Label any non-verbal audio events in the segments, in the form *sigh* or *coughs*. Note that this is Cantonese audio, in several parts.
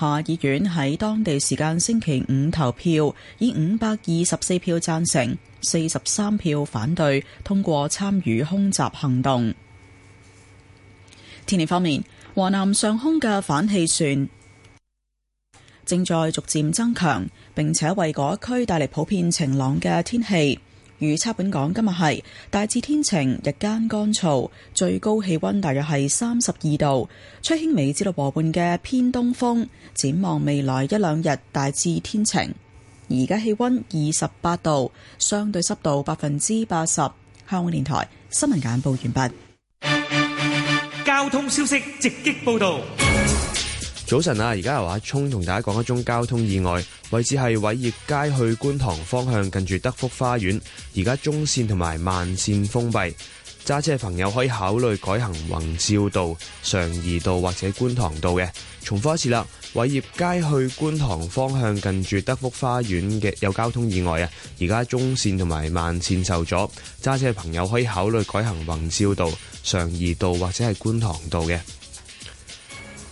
下議院喺當地時間星期五投票，以五百二十四票贊成、四十三票反對，通過參與空襲行動。天氣方面，華南上空嘅反氣旋正在逐漸增強，並且為嗰一區帶嚟普遍晴朗嘅天氣。預測本港今日係大致天晴，日間乾燥，最高氣溫大約係三十二度，吹輕微至到和半嘅偏東風。展望未來一兩日大致天晴，而家氣溫二十八度，相對濕度百分之八十。香港電台新聞簡報完畢。交通消息直擊報道。早晨啊！而家由阿聰同大家講一宗交通意外，位置係偉業街去觀塘方向近住德福花園，而家中線同埋慢線封閉，揸車嘅朋友可以考慮改行宏照道、常怡道或者觀塘道嘅。重複一次啦，偉業街去觀塘方向近住德福花園嘅有交通意外啊！而家中線同埋慢線受阻，揸車嘅朋友可以考慮改行宏照道、常怡道或者係觀塘道嘅。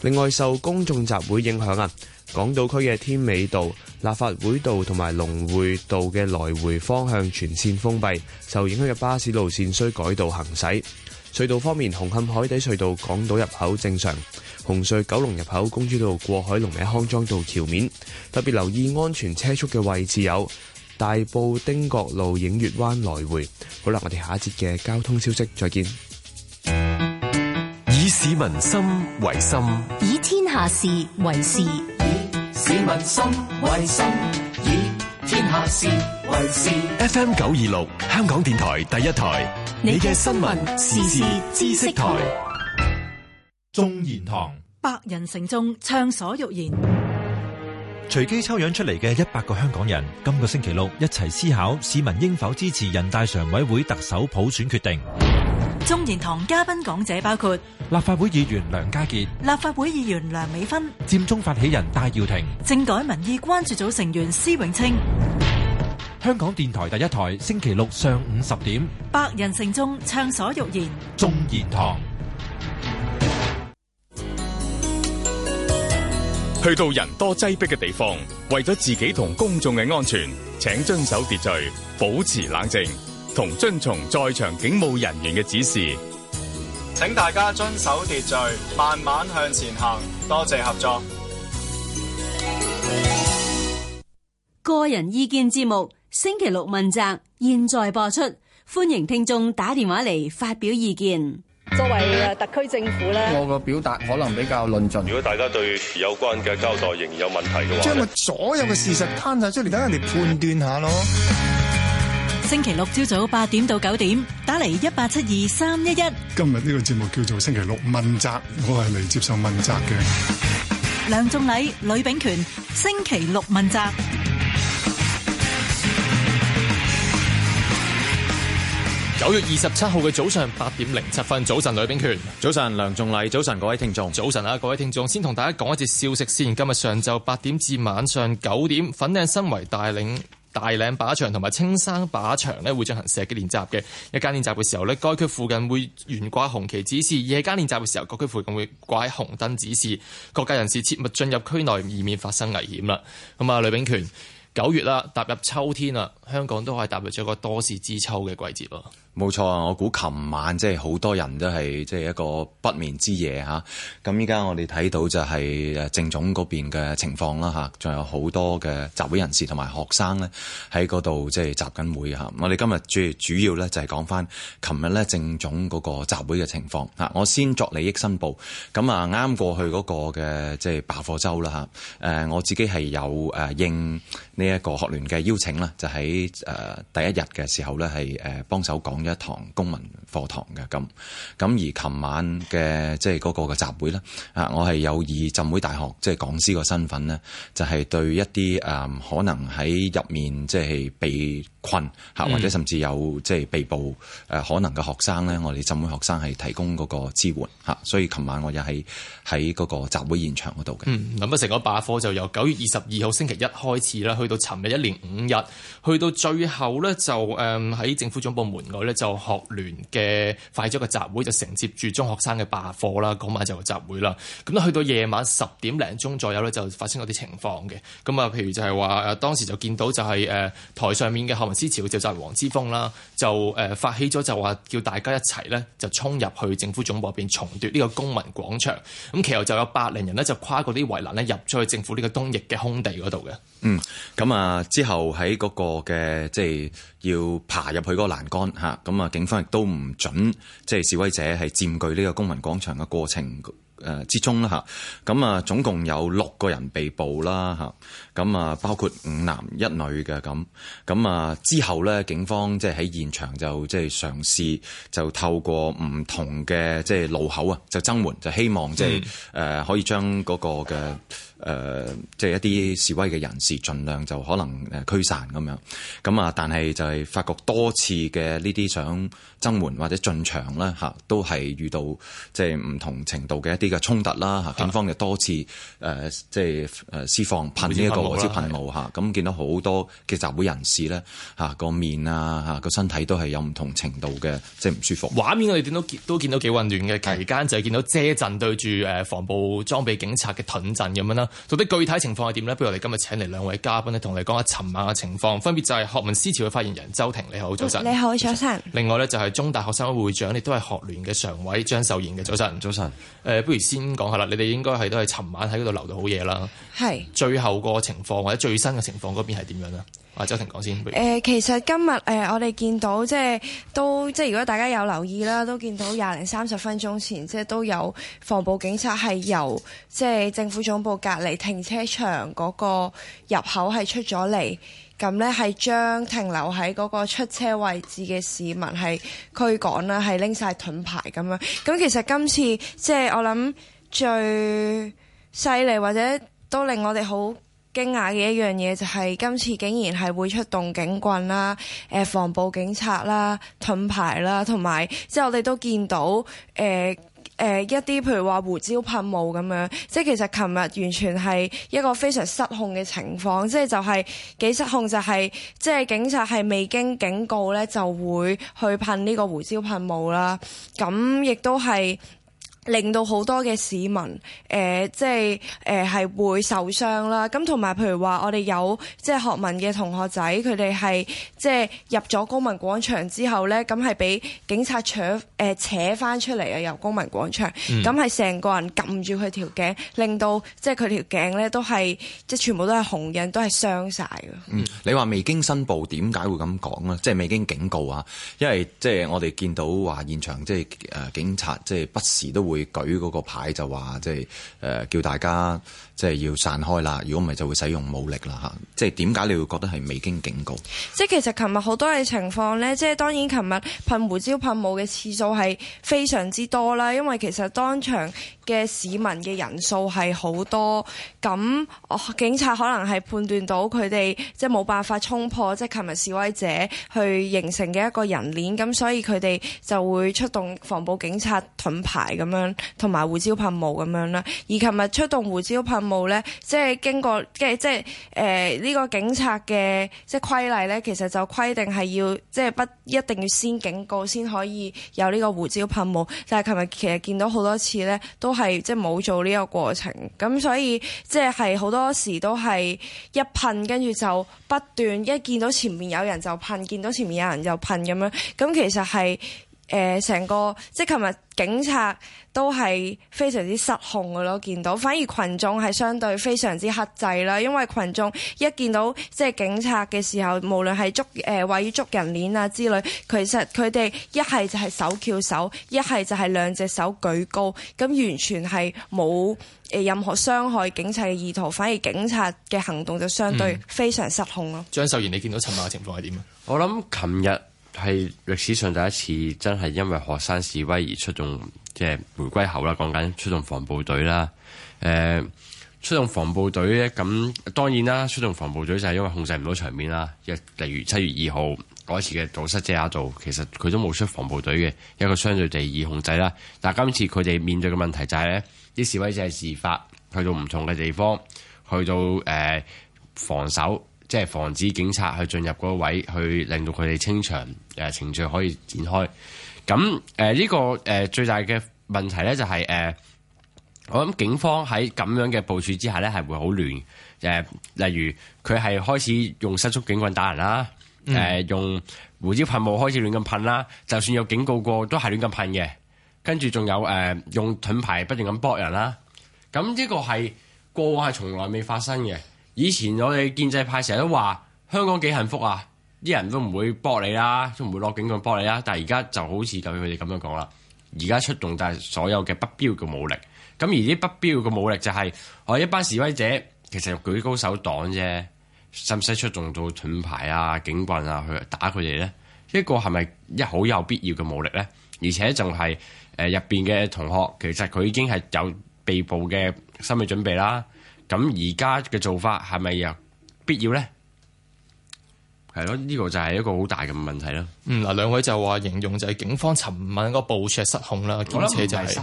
另外，受公眾集會影響啊，港島區嘅天美道、立法會道同埋龍匯道嘅來回方向全線封閉，受影響嘅巴士路線需改道行駛。隧道方面，紅磡海底隧道港島入口正常，紅隧九龍入口公主道過海龍尾康莊道橋面。特別留意安全車速嘅位置有大埔汀角路、映月灣來回。好啦，我哋下一節嘅交通消息再見。嗯以市民心為心，以天下事為事。以市民心為心，以天下事為事。FM 九二六，香港電台第一台，你嘅新聞時事知識台，眾言堂，百人成眾，暢所欲言。隨機抽樣出嚟嘅一百個香港人，今個星期六一齊思考：市民應否支持人大常委會特首普選決定？中言堂嘉賓講者包括立法會議員梁家傑、立法會議員梁美芬、佔中發起人戴耀廷、政改民意關注組成員施永青。香港電台第一台星期六上午十點百人城中暢所欲言，中言堂。去到人多擠迫嘅地方，為咗自己同公眾嘅安全，請遵守秩序，保持冷靜同遵從在場警務人員嘅指示，請大家遵守秩序，慢慢向前行，多謝合作。個人意見節目星期六問責，現在播出，歡迎聽眾打電話嚟發表意見。作為特區政府啦，我嘅表達可能比較論盡。如果大家對有關嘅交代仍然有問題嘅話，將個所有嘅事實攤晒出嚟，等人哋判斷下咯。星期六朝早八點到九點，打嚟一八七二三一一。今日呢個節目叫做星期六問責，我係嚟接受問責嘅。梁仲禮、呂秉權，星期六問責。九月二十七號嘅早上八點零七分。早晨呂秉權，早晨梁仲禮，早晨各位聽眾，早晨啊各位聽眾，先同大家講一節消息先。今日上晝八點至晚上九點，粉嶺身為大嶺。大嶺靶場同埋青山靶場咧會進行射擊練習嘅，日間練習嘅時候咧，該區附近會懸掛紅旗指示；夜間練習嘅時候，該區附近會掛紅燈指示，各界人士切勿進入區內，以免發生危險啦。咁啊，呂秉權。九月啦，踏入秋天啦，香港都係踏入咗個多事之秋嘅季節咯。冇錯啊，我估琴晚即係好多人都係即係一個不眠之夜吓。咁依家我哋睇到就係誒政總嗰邊嘅情況啦吓，仲有好多嘅集會人士同埋學生咧喺嗰度即係集緊會吓。我哋今日最主要咧就係講翻琴日咧政總嗰個集會嘅情況吓。我先作利益申報，咁啊啱過去嗰個嘅即係罷課週啦吓。誒我自己係有誒應。呢一個學聯嘅邀請啦，就喺、是、誒第一日嘅時候咧，係誒幫手講咗一堂公民課堂嘅咁。咁而琴晚嘅即係嗰個嘅集會咧，啊，我係有以浸會大學即係講師個身份咧，就係、是、對一啲誒可能喺入面即係、就是、被。群吓或者甚至有即係被捕誒可能嘅學生咧，嗯、我哋浸會學生係提供嗰個支援吓，所以琴晚我又係喺嗰個集會現場嗰度嘅。嗯，咁成個罷課就由九月二十二號星期一開始啦，去到尋日一連五日，去到最後咧就誒喺、嗯、政府總部門外咧就學聯嘅快咗嘅集會就承接住中學生嘅罷課啦。嗰晚就集會啦。咁咧去到夜晚十點零鐘左右咧就發生嗰啲情況嘅。咁啊，譬如就係話誒當時就見到就係、是、誒、呃、台上面嘅學支持嘅就就係黃之鋒啦，就誒發起咗就話叫大家一齊呢，就衝入去政府總部入邊重奪呢個公民廣場，咁其後就有百零人呢，就跨過啲圍欄呢，入咗去政府呢個東翼嘅空地嗰度嘅。嗯，咁啊之後喺嗰、嗰個嘅即係要爬入去嗰個欄杆嚇，咁啊警方亦都唔準即係示威者係佔據呢個公民廣場嘅過程。誒之中啦吓，咁啊總共有六個人被捕啦吓，咁啊包括五男一女嘅，咁，咁啊之後咧警方即係喺現場就即係嘗試就透過唔同嘅即係路口啊就增援，就希望即係誒可以將嗰個嘅。誒，即係一啲示威嘅人士，盡量就可能誒驅散咁樣咁啊，但係就係發覺多次嘅呢啲想增援或者進場咧吓都係遇到即係唔同程度嘅一啲嘅衝突啦吓，警方就多次誒即係誒施放噴呢一個胡椒噴霧嚇，咁見到好多嘅集會人士咧吓個面啊吓個身體都係有唔同程度嘅即係唔舒服。畫面我哋見到都見到幾混亂嘅，期間就係見到遮陣對住誒防暴裝備警察嘅盾陣咁樣啦。到底具體情況係點咧？不如我哋今日請嚟兩位嘉賓咧，同你講下尋晚嘅情況。分別就係學民思潮嘅發言人周庭，你好，早晨。你好，早晨。另外咧就係中大學生會會長，亦都係學聯嘅常委張秀賢嘅，早晨，早晨上。誒、呃，不如先講下啦。你哋應該係都係尋晚喺嗰度留到好夜啦。係是最後個情況或者最新嘅情況嗰邊係點樣咧？阿周庭講先。誒、呃，其實今日誒、呃，我哋見到即係都即係，如果大家有留意啦，都見到廿零三十分鐘前，即係都有防暴警察係由即係政府總部隔離停車場嗰個入口係出咗嚟，咁呢係將停留喺嗰個出車位置嘅市民係驅趕啦，係拎晒盾牌咁樣。咁其實今次即係我諗最犀利或者都令我哋好驚訝嘅一樣嘢就係、是、今次竟然係會出動警棍啦、誒、呃、防暴警察啦、盾牌啦，同埋即係我哋都見到誒誒、呃呃、一啲譬如話胡椒噴霧咁樣，即係其實琴日完全係一個非常失控嘅情況，即係就係、是、幾失控、就是，就係即係警察係未經警告咧就會去噴呢個胡椒噴霧啦，咁亦都係，令到好多嘅市民，誒、呃、即係誒係會受傷啦。咁同埋，譬如話我哋有即係學民嘅同學仔，佢哋係即係入咗公民廣場之後咧，咁係俾警察扯誒、呃、扯翻出嚟啊。由公民廣場，咁係成個人撳住佢條頸令到即係佢條頸咧都係即係全部都係紅印，都係傷晒嘅。嗯，嗯你，你話未經申報點解會咁講咧？即係未經警告啊。因為即係我哋見到話現場即係誒警察即係不時都會。舉嗰個牌就話，即係誒、呃，叫大家，即係要散開啦，如果唔係就會使用武力啦吓，即係點解你會覺得係未經警告？即係其實琴日好多嘅情況咧，即係當然琴日噴胡椒噴霧嘅次數係非常之多啦，因為其實當場嘅市民嘅人數係好多，咁警察可能係判斷到佢哋即係冇辦法衝破即係琴日示威者去形成嘅一個人鏈，咁所以佢哋就會出動防暴警察盾牌、咁樣同埋胡椒噴霧咁樣啦。而琴日出動胡椒噴冇咧，即係經過，即係即係誒呢個警察嘅即係規例咧，其實就規定係要即係不一定要先警告先可以有呢個胡椒噴霧，但係琴日其實見到好多次咧，都係即係冇做呢個過程，咁所以即係係好多時都係一噴跟住就不斷一見到前面有人就噴，見到前面有人就噴咁樣，咁其實係。誒，成、呃、個即係琴日警察都係非常之失控嘅咯，見到反而群眾係相對非常之克制啦。因為群眾一見到即係警察嘅時候，無論係捉誒、呃、或者捉人鏈啊之類，其實佢哋一係就係手翹手，一係就係兩隻手舉高，咁完全係冇任何傷害警察嘅意圖，反而警察嘅行動就相對非常失控咯、嗯。張秀賢，你見到陳馬嘅情況係點啊？我諗琴日。係歷史上第一次真係因為學生示威而出動，即係回歸後啦，講緊出動防暴隊啦。誒，出動防暴隊咧，咁、呃呃、當然啦，出動防暴隊就係因為控制唔到場面啦。即係例如七月二號嗰次嘅堵塞遮打道，其實佢都冇出防暴隊嘅，一個相對地易控制啦。但係今次佢哋面對嘅問題就係、是、呢、啲示威者係事發去到唔同嘅地方，去到誒、呃、防守，即係防止警察去進入嗰位，去令到佢哋清場。誒程序可以展開，咁誒呢個誒、呃、最大嘅問題咧就係、是、誒、呃，我諗警方喺咁樣嘅部署之下咧係會好亂誒、呃。例如佢係開始用伸縮警棍打人啦，誒、呃、用胡椒噴霧開始亂咁噴啦，就算有警告過都係亂咁噴嘅。跟住仲有誒、呃、用盾牌不斷咁搏人啦。咁呢個係過往係從來未發生嘅。以前我哋建制派成日都話香港幾幸福啊！啲人都唔會駁你啦，都唔會攞警棍駁你啦。但係而家就好似就佢哋咁樣講啦，而家出動但係所有嘅不必要嘅武力。咁而啲不必要嘅武力就係、是、我一班示威者其實舉高手擋啫，使唔使出動到盾牌啊、警棍啊去打佢哋咧？呢個、是是一個係咪一好有必要嘅武力咧？而且仲係誒入邊嘅同學，其實佢已經係有被捕嘅心理準備啦。咁而家嘅做法係咪有必要咧？係咯，呢、這個就係一個好大嘅問題咯。嗯，嗱，兩位就話形容就係警方尋晚個部署失控啦，兼且就係、是、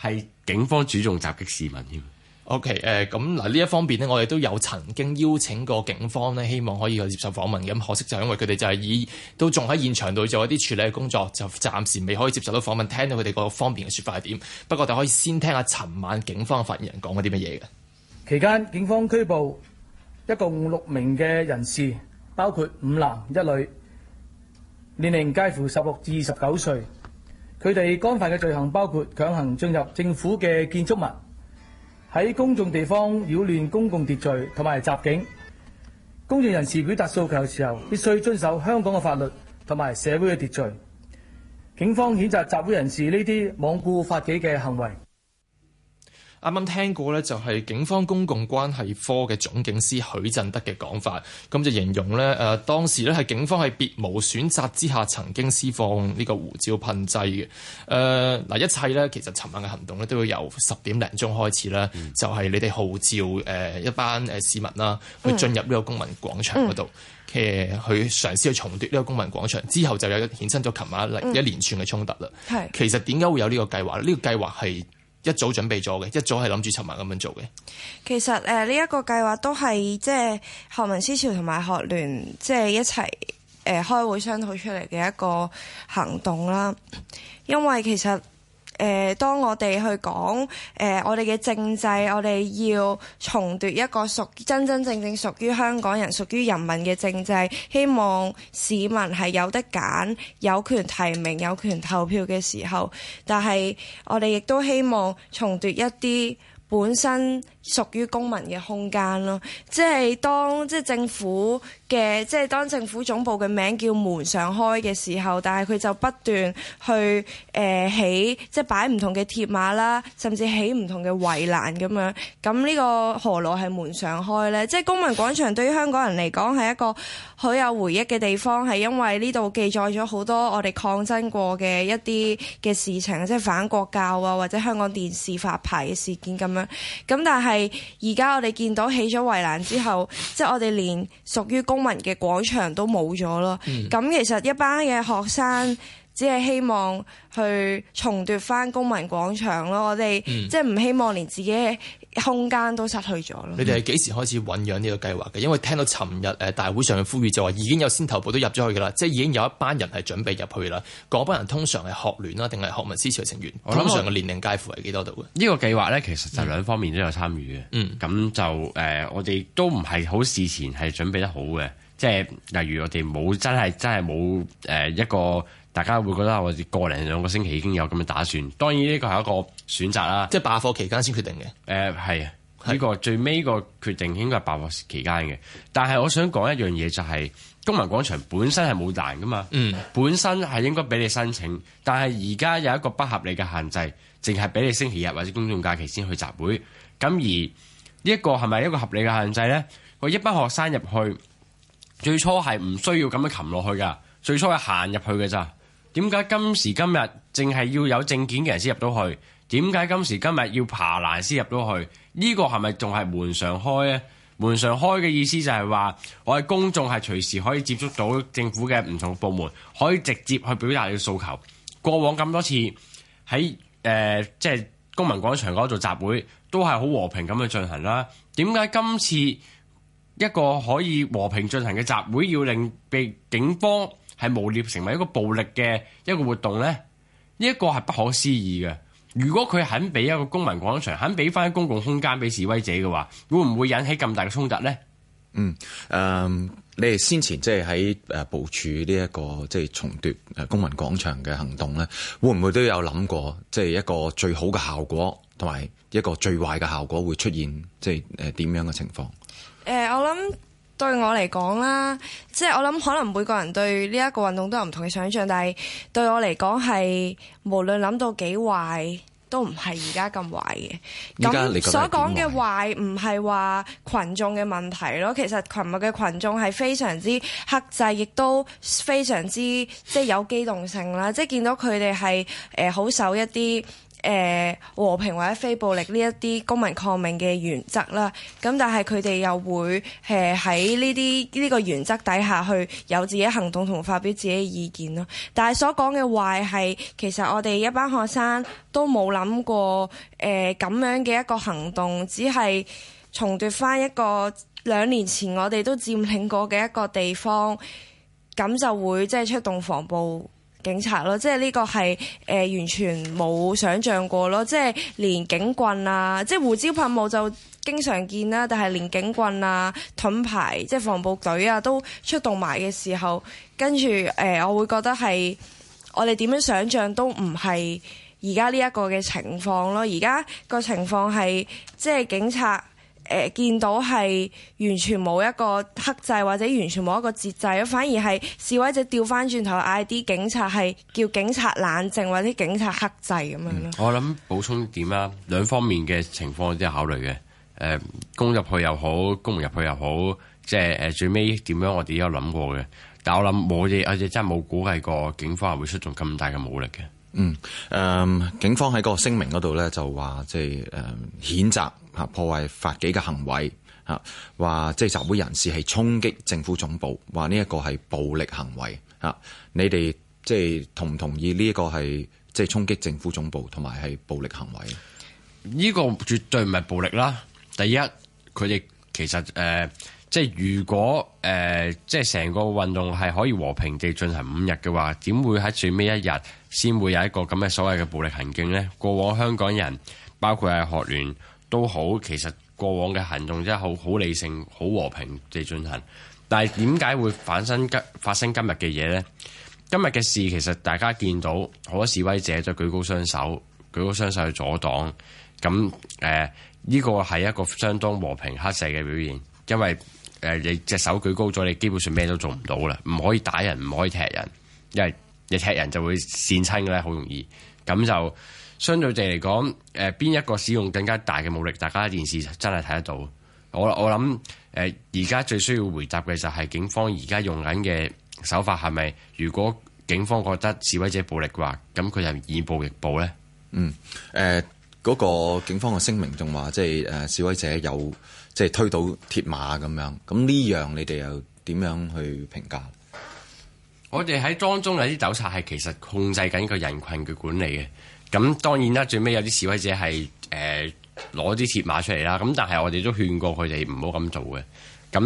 係警方主動襲擊市民添。O K，誒，咁嗱呢一方面呢，我哋都有曾經邀請過警方呢，希望可以去接受訪問嘅。咁可惜就因為佢哋就係以都仲喺現場度做一啲處理嘅工作，就暫時未可以接受到訪問，聽到佢哋個方面嘅說法係點。不過我哋可以先聽下尋晚警方嘅發言人講嘅啲乜嘢嘅。期間，警方拘捕一共六名嘅人士。包括五男一女，年齡介乎十六至二十九歲，佢哋干犯嘅罪行包括強行進入政府嘅建築物，喺公眾地方擾亂公共秩序同埋襲警。公眾人士表達訴求嘅時候，必須遵守香港嘅法律同埋社會嘅秩序。警方譴責集會人士呢啲罔顧法紀嘅行為。啱啱聽過咧，就係警方公共關係科嘅總警司許振德嘅講法，咁就形容咧，誒、呃、當時咧係警方係別無選擇之下，曾經施放呢個胡椒噴劑嘅。誒、呃、嗱一切咧，其實琴晚嘅行動咧，都會由十點零鐘開始啦。嗯、就係你哋號召誒、呃、一班誒市民啦，去進入呢個公民廣場嗰度嘅去嘗試去重奪呢個公民廣場，之後就有一衍生咗琴晚一連串嘅衝突啦。係、嗯嗯、其實點解會有呢個計劃呢、呢個計劃係。一早準備咗嘅，一早係諗住尋晚咁樣做嘅。其實誒呢一個計劃都係即係學民思潮同埋學聯即係一齊誒開會商討出嚟嘅一個行動啦，因為其實。誒，當我哋去講誒、呃，我哋嘅政制，我哋要重奪一個屬真真正正屬於香港人、屬於人民嘅政制，希望市民係有得揀、有權提名、有權投票嘅時候，但係我哋亦都希望重奪一啲。本身屬於公民嘅空間咯，即係當即係政府嘅，即係當政府總部嘅名叫門上開嘅時候，但係佢就不斷去誒、呃、起，即係擺唔同嘅鐵馬啦，甚至起唔同嘅圍欄咁樣。咁呢個何來係門上開咧？即係公民廣場對於香港人嚟講係一個好有回憶嘅地方，係因為呢度記載咗好多我哋抗爭過嘅一啲嘅事情，即係反國教啊，或者香港電視發牌嘅事件咁樣。咁但係而家我哋見到起咗圍欄之後，即係我哋連屬於公民嘅廣場都冇咗咯。咁、嗯、其實一班嘅學生只係希望去重奪翻公民廣場咯。我哋即係唔希望連自己空間都失去咗咯。你哋係幾時開始醞釀呢個計劃嘅？因為聽到尋日誒大會上嘅呼籲就話已經有先頭部都入咗去噶啦，即係已經有一班人係準備入去啦。嗰班人通常係學聯啦，定係學民思潮成員。通常嘅年齡介乎係幾多度嘅？呢個計劃咧，其實就兩方面都有參與嘅。嗯，咁就誒、呃，我哋都唔係好事前係準備得好嘅，即係例如我哋冇真係真係冇誒一個大家會覺得我哋個零兩個星期已經有咁嘅打算。當然呢個係一個選擇啦，即係罷課期間先決定嘅。誒啊、呃，呢、這個最尾個決定應該係罷課期間嘅。但係我想講一樣嘢，就是，就係公民廣場本身係冇欄噶嘛，嗯，本身係應該俾你申請，但係而家有一個不合理嘅限制，淨係俾你星期日或者公眾假期先去集會。咁而呢一個係咪一個合理嘅限制呢？個一班學生入去最初係唔需要咁樣擒落去噶，最初係行入去嘅咋。點解今時今日淨係要有證件嘅人先入到去？點解今時今日要爬欄先入到去？是是是呢個係咪仲係門常開咧？門常開嘅意思就係話我哋公眾係隨時可以接觸到政府嘅唔同部門，可以直接去表達你嘅訴求。過往咁多次喺誒、呃，即係公民廣場嗰度集會都係好和平咁去進行啦。點解今次一個可以和平進行嘅集會，要令被警方係誣衊成為一個暴力嘅一個活動呢？呢一個係不可思議嘅。如果佢肯俾一個公民廣場，肯俾翻公共空間俾示威者嘅話，會唔會引起咁大嘅衝突呢？嗯，誒、呃，你哋先前即係喺誒部署呢一個即係重奪誒公民廣場嘅行動呢，會唔會都有諗過即係一個最好嘅效果，同埋一個最壞嘅效果會出現，即係誒點樣嘅情況？誒、呃，我諗。對我嚟講啦，即係我諗，可能每個人對呢一個運動都有唔同嘅想像，但係對我嚟講係無論諗到幾壞，都唔係而家咁壞嘅。咁所講嘅壞唔係話群眾嘅問題咯，其實群物嘅群眾係非常之克制，亦都非常之即係有機動性啦。即係見到佢哋係誒好守一啲。誒、呃、和平或者非暴力呢一啲公民抗命嘅原則啦，咁但係佢哋又會誒喺呢啲呢個原則底下去有自己行動同發表自己嘅意見咯。但係所講嘅話係，其實我哋一班學生都冇諗過誒咁、呃、樣嘅一個行動，只係重奪翻一個兩年前我哋都佔領過嘅一個地方，咁就會即係出動防暴警察咯，即係呢個係誒、呃、完全冇想象過咯，即係連警棍啊，即係胡椒噴霧就經常見啦，但係連警棍啊、盾牌即係防暴隊啊都出動埋嘅時候，跟住誒我會覺得係我哋點樣想象都唔係而家呢一個嘅情況咯，而家個情況係即係警察。誒、呃、見到係完全冇一個克制或者完全冇一個節制，反而係示威者調翻轉頭嗌啲警察係叫警察冷靜或者警察克制咁樣咯。我諗補充點啦，兩方面嘅情況都有考慮嘅。誒攻入去又好，攻唔入去又好，即係誒、呃、最尾點樣，我哋都有諗過嘅。但我諗冇嘢，我哋真係冇估計過警方會出動咁大嘅武力嘅。嗯，誒、呃、警方喺嗰個聲明嗰度咧就話即係誒、呃、譴責。破壞法紀嘅行為，吓話即係集會人士係衝擊政府總部，話呢一個係暴力行為。吓，你哋即係同唔同意呢一個係即係衝擊政府總部，同埋係暴力行為？呢個絕對唔係暴力啦。第一，佢哋其實誒、呃，即係如果誒、呃，即係成個運動係可以和平地進行五日嘅話，點會喺最尾一日先會有一個咁嘅所謂嘅暴力行徑呢？過往香港人包括係學聯。都好，其實過往嘅行動真係好好理性、好和平地進行。但係點解會發生，即發生今日嘅嘢呢？今日嘅事其實大家見到好多示威者就舉高雙手、舉高雙手去阻擋。咁誒，呢個係一個相當和平克制嘅表現，因為誒、呃、你隻手舉高咗，你基本上咩都做唔到啦，唔可以打人，唔可以踢人，因為你踢人就會跣親嘅咧，好容易。咁就。相對地嚟講，誒、呃，邊一個使用更加大嘅武力，大家電視真係睇得到。我我諗，誒、呃，而家最需要回答嘅就係警方而家用緊嘅手法係咪？如果警方覺得示威者暴力嘅話，咁佢就以暴易暴咧。嗯，誒、呃，嗰、那個警方嘅聲明仲話，即係誒、呃，示威者有即係推倒鐵馬咁樣，咁呢樣你哋又點樣去評價？我哋喺當中有啲糾察係其實控制緊個人群嘅管理嘅。咁當然啦，最尾有啲示威者係誒攞啲鐵馬出嚟啦，咁但係我哋都勸過佢哋唔好咁做嘅。咁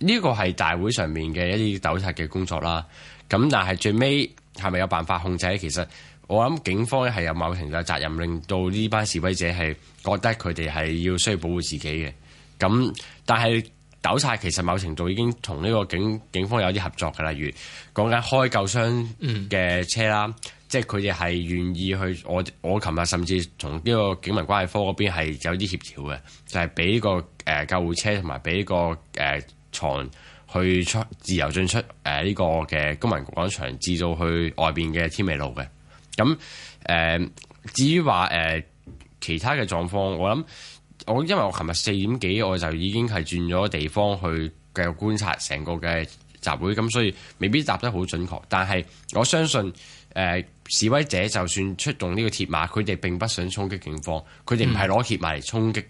呢個係大會上面嘅一啲糾察嘅工作啦。咁但係最尾係咪有辦法控制咧？其實我諗警方咧係有某程度嘅責任，令到呢班示威者係覺得佢哋係要需要保護自己嘅。咁但係糾察其實某程度已經同呢個警警方有啲合作嘅，例如講緊開救傷嘅車啦。嗯即係佢哋係願意去，我我琴日甚至從呢個警民關係科嗰邊係有啲協調嘅，就係、是、俾、這個誒、呃、救護車同埋俾個誒牀、呃、去出自由進出誒呢、呃這個嘅公民廣場，至到去外邊嘅天美路嘅。咁誒、呃、至於話誒其他嘅狀況，我諗我因為我琴日四點幾我就已經係轉咗地方去繼續觀察成個嘅集會，咁所以未必答得好準確，但係我相信。誒、呃、示威者就算出動呢個鐵馬，佢哋並不想衝擊警方，佢哋唔係攞鐵馬嚟衝擊。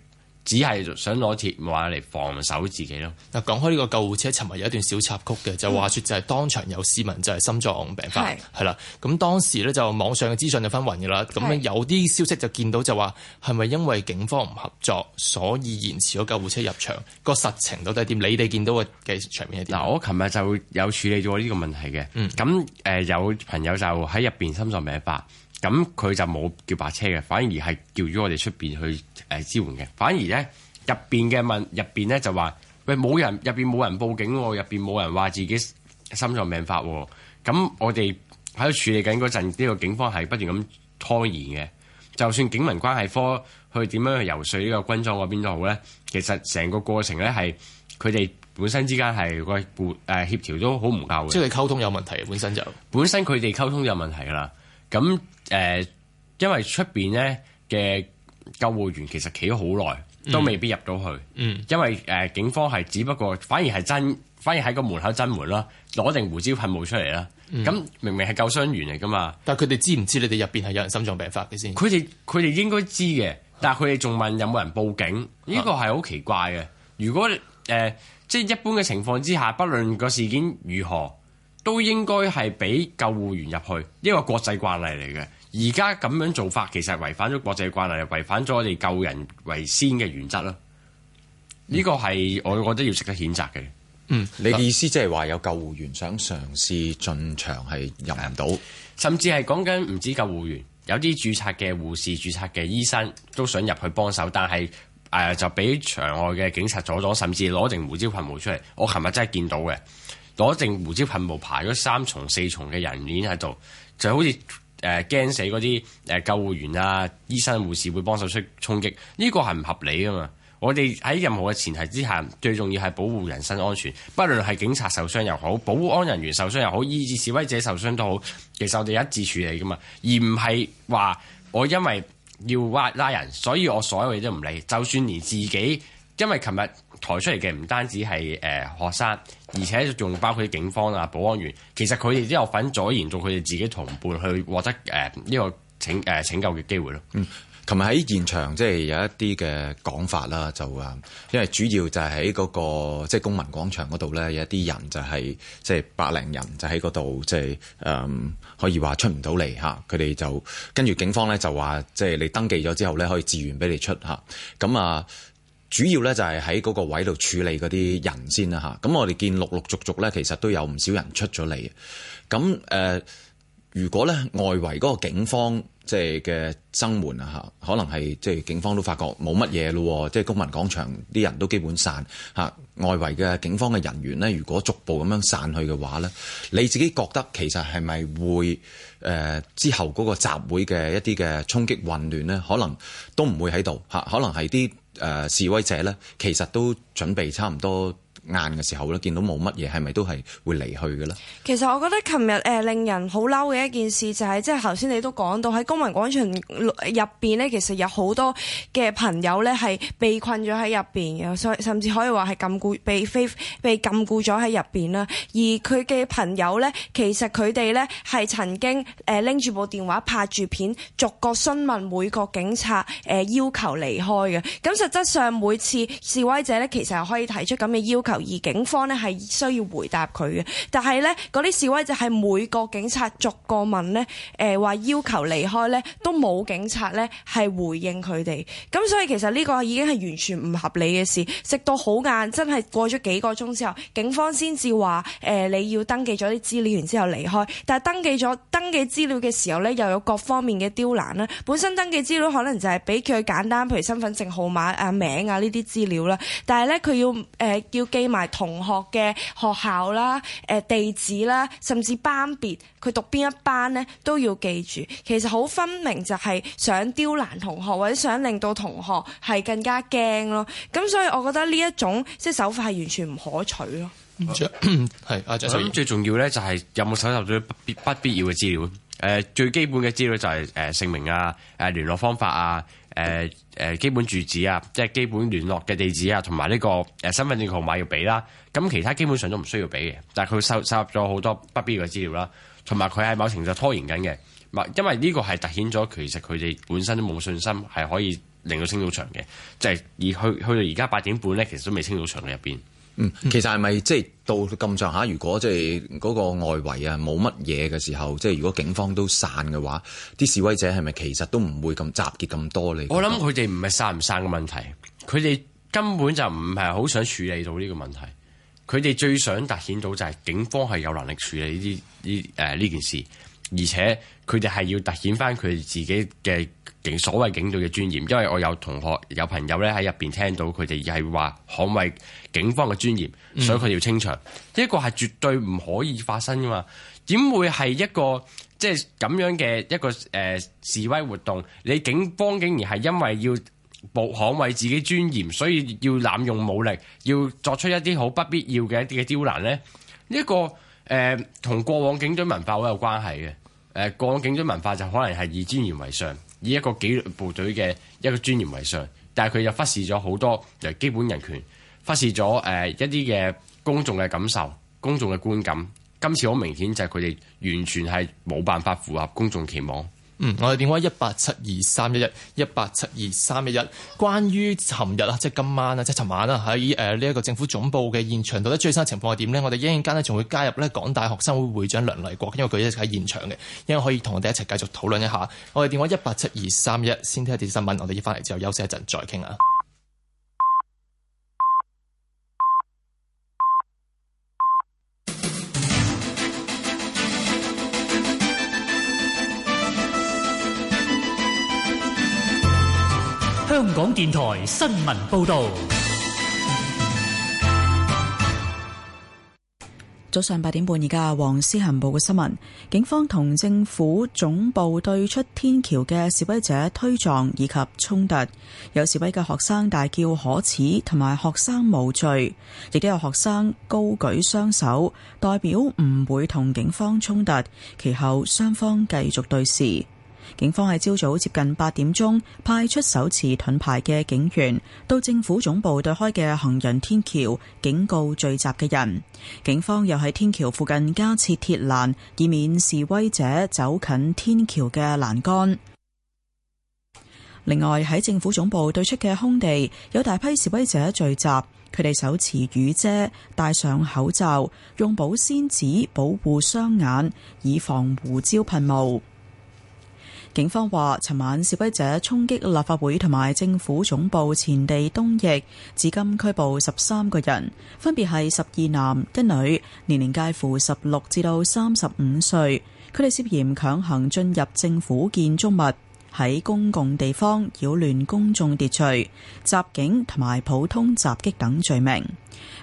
只係想攞鐵話嚟防守自己咯。嗱，講開呢個救護車，尋日有一段小插曲嘅，就話說就係當場有市民就係心臟病發，係啦、嗯。咁當時咧就網上嘅資訊就紛紜嘅啦。咁有啲消息就見到就話係咪因為警方唔合作，所以延遲咗救護車入場？個實情到底點？你哋見到嘅嘅場面係點？嗱、嗯，我琴日就有處理咗呢個問題嘅。咁誒、呃、有朋友就喺入邊心臟病發。咁佢就冇叫白車嘅，反而係叫咗我哋出邊去誒支援嘅。反而咧入邊嘅問入邊咧就話喂，冇人入邊冇人報警喎，入邊冇人話自己心臟病發喎。咁我哋喺度處理緊嗰陣，呢個警方係不斷咁拖延嘅。就算警民關係科去點樣去遊說呢個軍裝嗰邊都好咧，其實成個過程咧係佢哋本身之間係個協調都好唔夠嘅，即係溝通有問題、啊、本身就本身佢哋溝通有問題㗎啦。咁誒，因為出邊呢嘅救護員其實企咗好耐，都未必入到去，嗯、因為誒、呃、警方係只不過反而係爭，反而喺個門口真門啦，攞定胡椒噴霧出嚟啦。咁、嗯、明明係救傷員嚟㗎嘛，但係佢哋知唔知你哋入邊係有人心臟病發嘅先？佢哋佢哋應該知嘅，但係佢哋仲問有冇人報警？呢個係好奇怪嘅。如果誒、呃，即係一般嘅情況之下，不論個事件如何，都應該係俾救護員入去，呢個國際慣例嚟嘅。而家咁樣做法，其實違反咗國際慣例，違反咗我哋救人為先嘅原則啦。呢、嗯、個係我我覺得要值得譴責嘅、嗯。嗯，你嘅意思即係話有救護員想嘗試進場係入唔到，甚至係講緊唔止救護員，有啲注冊嘅護士、注冊嘅醫生都想入去幫手，但係誒、呃、就俾場外嘅警察阻咗，甚至攞定胡椒噴霧出嚟。我琴日真係見到嘅，攞定胡椒噴霧，排咗三重、四重嘅人鏈喺度，就好似。誒，驚死嗰啲誒，救護員啊、醫生、護士會幫手出衝擊，呢個係唔合理噶嘛？我哋喺任何嘅前提之下，最重要係保護人身安全，不論係警察受傷又好，保安人員受傷又好，以至示威者受傷都好，其實我哋一致處理噶嘛，而唔係話我因為要拉拉人，所以我所有嘢都唔理，就算連自己，因為琴日。抬出嚟嘅唔單止係誒、呃、學生，而且仲包括啲警方啊、保安員。其實佢哋都有份阻延續佢哋自己同伴去獲得誒呢個拯誒拯救嘅機會咯。嗯，琴日喺現場即係有一啲嘅講法啦，就啊，因為主要就係喺嗰個即係公民廣場嗰度咧，有一啲人就係即係百零人就喺嗰度，即係誒可以話出唔到嚟嚇。佢哋就跟住警方咧就話，即係你登記咗之後咧可以自願俾你出嚇。咁啊～主要咧就係喺嗰個位度處理嗰啲人先啦吓，咁、啊、我哋見陸陸續續咧，其實都有唔少人出咗嚟。咁、啊、誒，如果咧外圍嗰個警方即係嘅增援啊吓，可能係即係警方都發覺冇乜嘢咯，即、就、係、是、公民廣場啲人都基本散吓、啊，外圍嘅警方嘅人員呢，如果逐步咁樣散去嘅話咧，你自己覺得其實係咪會誒、啊、之後嗰個集會嘅一啲嘅衝擊混亂呢，可能都唔會喺度吓，可能係啲。誒、呃、示威者咧，其實都準備差唔多。硬嘅時候咧，見到冇乜嘢，係咪都係會離去嘅咧？其實我覺得琴日誒令人好嬲嘅一件事就係、是，即係頭先你都講到喺公民廣場入邊呢，其實有好多嘅朋友呢係被困咗喺入邊嘅，所以甚至可以話係禁錮被飛被，被，被禁錮咗喺入邊啦。而佢嘅朋友呢，其實佢哋呢係曾經誒拎住部電話拍住片，逐個詢問每個警察誒、呃、要求離開嘅。咁實質上每次示威者呢，其實係可以提出咁嘅要求。而警方咧係需要回答佢嘅，但係咧，嗰啲示威者係每個警察逐個問咧，誒、呃、話要求離開咧，都冇警察咧係回應佢哋。咁所以其實呢個已經係完全唔合理嘅事。直到好晏，真係過咗幾個鐘之後，警方先至話誒你要登記咗啲資料，然之後離開。但係登記咗登記資料嘅時候咧，又有各方面嘅刁難啦。本身登記資料可能就係俾佢簡單，譬如身份證號碼啊、名啊呢啲資料啦。但係咧佢要誒、呃、要記。埋同學嘅學校啦、誒地址啦，甚至班別，佢讀邊一班咧都要記住。其實好分明就係想刁難同學，或者想令到同學係更加驚咯。咁所以我覺得呢一種即係手法係完全唔可取咯。係阿張，咁 *coughs* 最重要咧就係有冇搜集到不不必要嘅資料？誒、呃，最基本嘅資料就係誒姓名啊、誒、呃、聯絡方法啊、誒、呃。誒基本住址啊，即係基本聯絡嘅地址啊，同埋呢個誒身份證號碼要俾啦。咁其他基本上都唔需要俾嘅，但係佢收收集咗好多不必要嘅資料啦，同埋佢喺某程度拖延緊嘅。因為呢個係凸顯咗其實佢哋本身都冇信心係可以令到清到場嘅，即係而去去到而家八點半呢，其實都未清到場嘅入邊。嗯，其實係咪即係到咁上下？如果即係嗰個外圍啊冇乜嘢嘅時候，即係如果警方都散嘅話，啲示威者係咪其實都唔會咁集結咁多呢？我諗佢哋唔係散唔散嘅問題，佢哋根本就唔係好想處理到呢個問題。佢哋最想突顯到就係警方係有能力處理呢啲呢誒呢件事。而且佢哋係要突顯翻佢哋自己嘅警所謂警隊嘅尊嚴，因為我有同學有朋友咧，喺入邊聽到佢哋係話捍衞警方嘅尊嚴，所以佢要清場。呢一個係絕對唔可以發生㗎嘛？點會係一個即係咁樣嘅一個誒、呃、示威活動？你警方竟然係因為要保捍衞自己尊嚴，所以要濫用武力，要作出一啲好不必要嘅一啲嘅刁難咧？呢、這、一個誒同、呃、過往警隊文化好有關係嘅，誒、呃、過往警隊文化就可能係以尊嚴為上，以一個紀律部隊嘅一個尊嚴為上，但係佢又忽視咗好多誒基本人權，忽視咗誒、呃、一啲嘅公眾嘅感受、公眾嘅觀感。今次好明顯就係佢哋完全係冇辦法符合公眾期望。嗯，我哋電話一八七二三一一一八七二三一一。關於尋日啊，即係今晚啊，即係尋晚啊，喺誒呢一個政府總部嘅現場到底最新情況係點呢？我哋一陣間咧仲會加入呢港大學生會會長梁麗幗，因為佢一直喺現場嘅，因為可以同我哋一齊繼續討論一下。我哋電話一八七二三一，先聽下啲新聞。我哋要翻嚟之後休息一陣再傾啊。香港電台新聞報道：早上八點半，而家黃思恒報嘅新聞，警方同政府總部對出天橋嘅示威者推撞以及衝突，有示威嘅學生大叫可恥，同埋學生無罪，亦都有學生高舉雙手，代表唔會同警方衝突，其後雙方繼續對峙。警方喺朝早接近八點鐘派出手持盾牌嘅警員到政府總部對開嘅行人天橋，警告聚集嘅人。警方又喺天橋附近加設鐵欄，以免示威者走近天橋嘅欄杆。另外，喺政府總部對出嘅空地有大批示威者聚集，佢哋手持雨遮，戴上口罩，用保鮮紙保護雙眼，以防胡椒噴霧。警方話，尋晚示威者衝擊立法會同埋政府總部前地東翼，至今拘捕十三個人，分別係十二男一女，年齡介乎十六至到三十五歲。佢哋涉嫌強行進入政府建築物、喺公共地方擾亂公眾秩序、襲警同埋普通襲擊等罪名。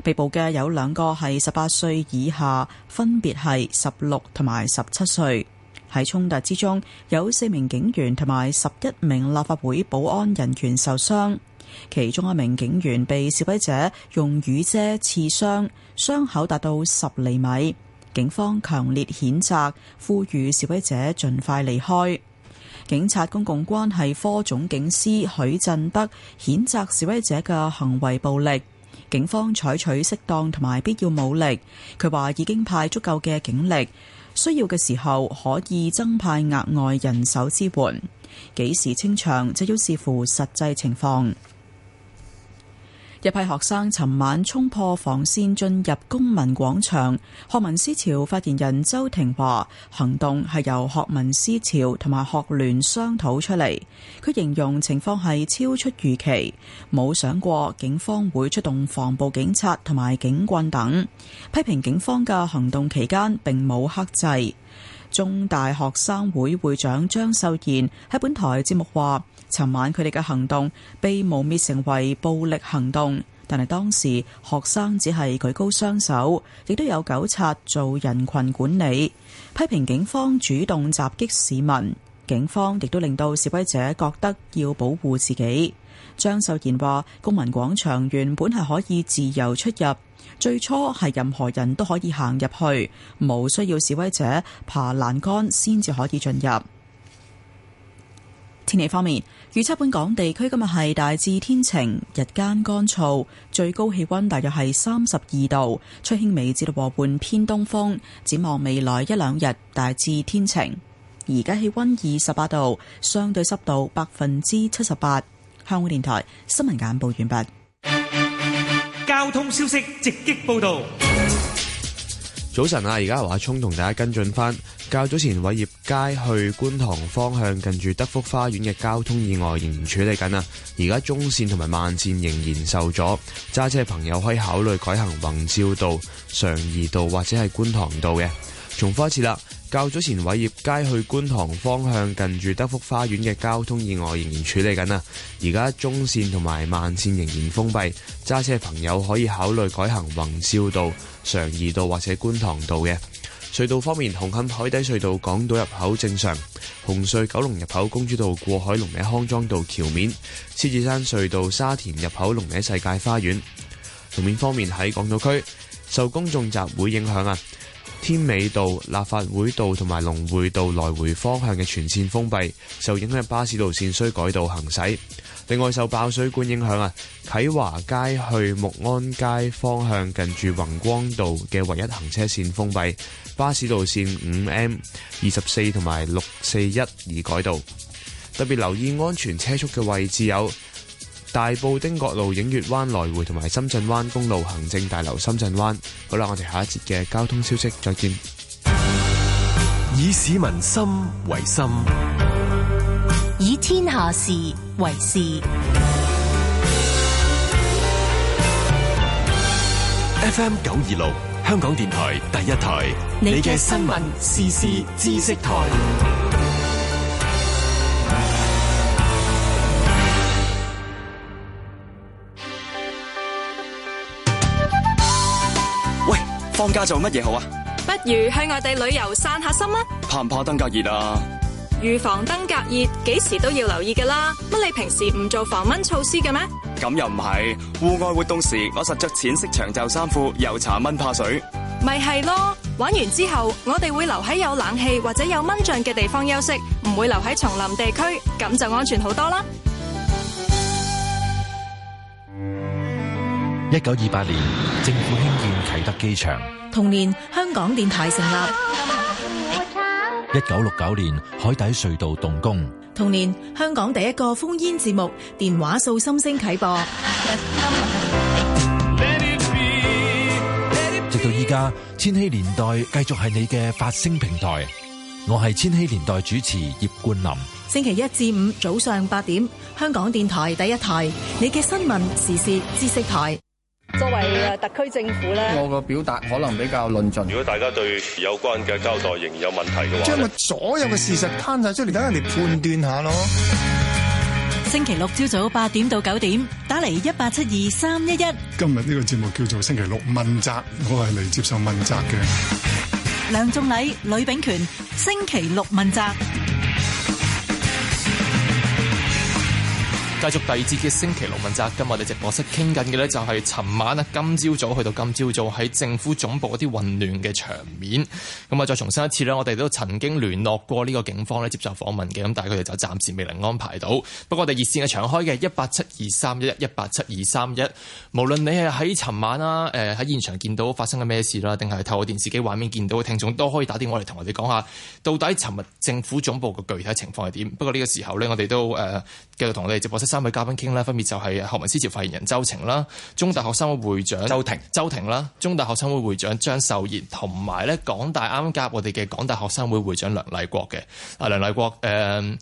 被捕嘅有兩個係十八歲以下，分別係十六同埋十七歲。喺衝突之中，有四名警員同埋十一名立法會保安人員受傷，其中一名警員被示威者用雨遮刺傷，傷口達到十厘米。警方強烈譴責，呼籲示威者盡快離開。警察公共關係科總警司許振德譴責示威者嘅行為暴力，警方採取適當同埋必要武力。佢話已經派足夠嘅警力。需要嘅時候可以增派額外人手支援，幾時清場就要視乎實際情況。一批學生尋晚衝破防線進入公民廣場，學民思潮發言人周庭話：行動係由學民思潮同埋學聯商討出嚟。佢形容情況係超出預期，冇想過警方會出動防暴警察同埋警棍等，批評警方嘅行動期間並冇克制。中大學生會會長張秀賢喺本台節目話。尋晚佢哋嘅行動被污蔑成為暴力行動，但係當時學生只係舉高雙手，亦都有糾察做人群管理，批評警方主動襲擊市民。警方亦都令到示威者覺得要保護自己。張秀賢話：公民廣場原本係可以自由出入，最初係任何人都可以行入去，冇需要示威者爬欄杆先至可以進入。天氣方面，預測本港地區今日係大致天晴，日間乾燥，最高氣温大約係三十二度，吹輕微至和緩偏東風。展望未來一兩日，大致天晴。而家氣温二十八度，相對濕度百分之七十八。香港電台新聞簡報完畢。交通消息直擊報道。早晨啊！而家由阿聰同大家跟進翻，較早前偉業街去觀塘方向近住德福花園嘅交通意外仍然處理緊啊！而家中線同埋慢線仍然受阻，揸車朋友可以考慮改行宏照道、常怡道或者係觀塘道嘅。重複一次啦，較早前偉業街去觀塘方向近住德福花園嘅交通意外仍然處理緊啊！而家中線同埋慢線仍然封閉，揸車朋友可以考慮改行宏照道。常怡道、或者觀塘道嘅。隧道方面，紅磡海底隧道港島入口正常；紅隧九龍入口公主道過海龍尾康莊道橋面，獅子山隧道沙田入口龍尾世界花園。路面方面，喺港島區受公眾集會影響啊，天美道、立法會道同埋龍匯道來回方向嘅全線封閉，受影響巴士路線需改道行駛。另外受爆水管影響啊，啟華街去木安街方向近住宏光道嘅唯一行車線封閉，巴士路線五 M、二十四同埋六四一而改道。特別留意安全車速嘅位置有大埔丁角路、映月灣來回同埋深圳灣公路行政大樓、深圳灣。好啦，我哋下一節嘅交通消息再見。以市民心為心。下事為事。FM 九二六香港電台第一台，你嘅新聞、時事、知識台。喂，放假做乜嘢好啊？不如去外地旅遊散下心怕怕啊？怕唔怕登革熱啊？預防登革熱，幾時都要留意噶啦。乜你平時唔做防蚊措施嘅咩？咁又唔係戶外活動時，我實着淺色長袖衫褲，又搽蚊怕水。咪係咯，玩完之後我哋會留喺有冷氣或者有蚊帳嘅地方休息，唔會留喺叢林地區，咁就安全好多啦。一九二八年，政府興建啟德機場。同年，香港電台成立。啊啊一九六九年海底隧道動工，同年香港第一個烽煙節目《電話數心聲》啟播。直到依家，千禧年代繼續係你嘅發聲平台。我係千禧年代主持葉冠霖。星期一至五早上八點，香港電台第一台，你嘅新聞時事知識台。作為特區政府咧，我個表達可能比較論盡。如果大家對有關嘅交代仍然有問題嘅話，將咪所有嘅事實攤晒出嚟，等、嗯、人哋判斷下咯。星期六朝早八點到九點，打嚟一八七二三一一。今日呢個節目叫做星期六問責，我係嚟接受問責嘅。梁仲禮、呂秉權，星期六問責。繼續第二節嘅星期六問責，今日我哋直播室傾緊嘅呢，就係尋晚啊，今朝早去到今朝早喺政府總部嗰啲混亂嘅場面。咁啊，再重申一次呢，我哋都曾經聯絡過呢個警方咧，接受訪問嘅，咁但係佢哋就暫時未能安排到。不過我哋熱線係長開嘅，一八七二三一一八七二三一。無論你係喺尋晚啦，誒、呃、喺現場見到發生緊咩事啦，定係透過電視機畫面見到，嘅聽眾都可以打電話嚟同我哋講下，到底尋日政府總部嘅具體情況係點。不過呢個時候呢，我哋都誒繼、呃、續同我哋直播室。三位嘉賓傾咧，分別就係學民思潮發言人周庭啦，中大學生會，會長周庭。周庭庭啦，中大學生會會長張秀賢同埋咧港大啱夾我哋嘅港大學生會會長梁麗幗嘅啊，梁麗幗誒。呃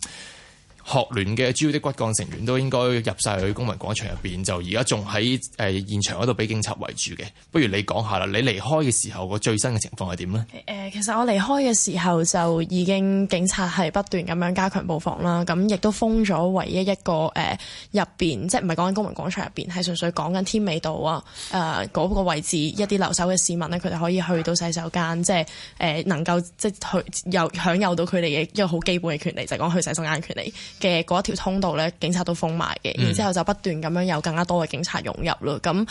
學聯嘅主要的骨幹成員都應該入晒去公民廣場入邊，就而家仲喺誒現場嗰度俾警察圍住嘅。不如你講下啦，你離開嘅時候個最新嘅情況係點咧？誒，其實我離開嘅時候就已經警察係不斷咁樣加強佈防啦，咁亦都封咗唯一一個誒入邊，即係唔係講緊公民廣場入邊，係純粹講緊添美道啊誒嗰個位置一啲留守嘅市民咧，佢哋可以去到洗手間，即係誒、呃、能夠即係去有享有到佢哋嘅一個好基本嘅權利，就係、是、講去洗手間嘅權利。嘅嗰條通道咧，警察都封埋嘅，然、嗯、之後就不斷咁樣有更加多嘅警察湧入咯。咁誒，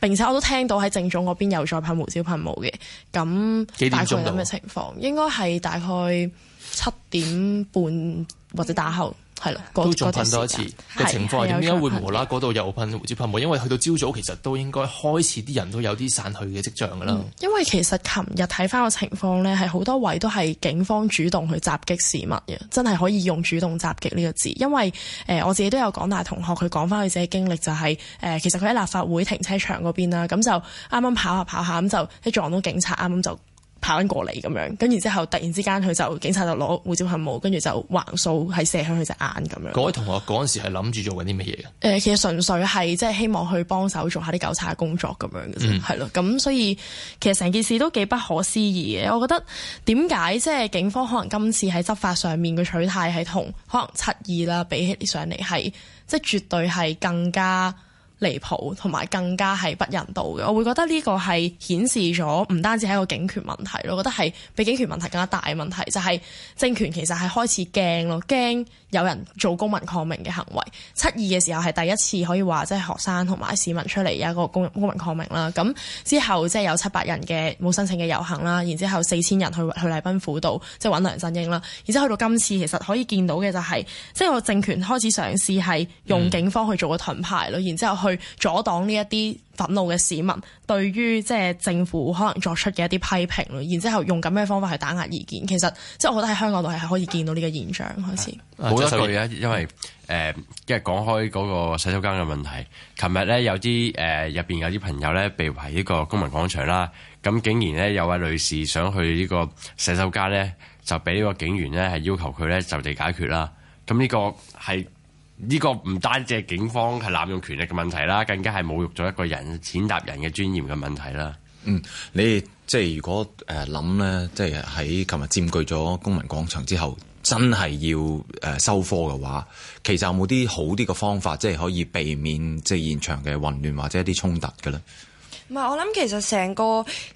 並、呃、且我都聽到喺政總嗰邊有再噴胡椒噴霧嘅。咁大概係咁嘅情況？應該係大概七點半或者打後。 *laughs* 係咯、嗯，都再噴多一次個的情況，點解的會無啦嗰度又噴胡椒的噴霧？因為去到朝早，其實都應該開始啲人都有啲散去嘅跡象噶啦、嗯。因為其實琴日睇翻個情況咧，係好多位都係警方主動去襲擊市民嘅，真係可以用主動襲擊呢個字。因為誒、呃，我自己都有港大同學佢講翻佢自己經歷、就是，就係誒，其實佢喺立法會停車場嗰邊啦，咁就啱啱跑下跑下，咁就一撞到警察，啱啱就。行緊過嚟咁樣，跟住之後突然之間佢就警察就攞胡椒噴霧，跟住就橫掃喺射向佢隻眼咁樣。嗰位同學嗰陣 *noise* 時係諗住做緊啲乜嘢嘅？誒、呃，其實純粹係即係希望去幫手做下啲調查工作咁樣嘅啫，係咯、嗯。咁所以其實成件事都幾不可思議嘅。我覺得點解即係警方可能今次喺執法上面嘅取態係同可能七二啦比起上嚟係即係絕對係更加，離譜，同埋更加係不人道嘅。我會覺得呢個係顯示咗唔單止係一個警權問題咯，我覺得係比警權問題更加大嘅問題，就係、是、政權其實係開始驚咯，驚有人做公民抗命嘅行為。七二嘅時候係第一次可以話即係學生同埋市民出嚟有一個公公民抗命啦。咁之後即係有七百人嘅冇申請嘅遊行啦，然之後四千人去去禮賓府度即係搵梁振英啦。然之後去到今次，其實可以見到嘅就係、是、即係個政權開始嘗試係用警方去做個盾牌咯，嗯、然之後去。阻擋呢一啲憤怒嘅市民對於即係政府可能作出嘅一啲批評，然之後用咁嘅方法去打壓意見，其實即係我覺得喺香港度係可以見到呢個現象。好似冇一句啊，嗯、因為誒，即、呃、係講開嗰個洗手間嘅問題。琴日咧有啲誒，入、呃、邊有啲朋友咧被圍呢個公民廣場啦，咁竟然咧有位女士想去呢個洗手間咧，就俾呢個警員咧係要求佢咧就地解決啦。咁呢個係。呢個唔單止係警方係濫用權力嘅問題啦，更加係侮辱咗一個人、踐踏人嘅尊嚴嘅問題啦。嗯，你即係如果誒諗咧，即係喺琴日佔據咗公民廣場之後，真係要誒、呃、收科嘅話，其實有冇啲好啲嘅方法，即係可以避免即係現場嘅混亂或者一啲衝突嘅咧？唔係，我諗其實成個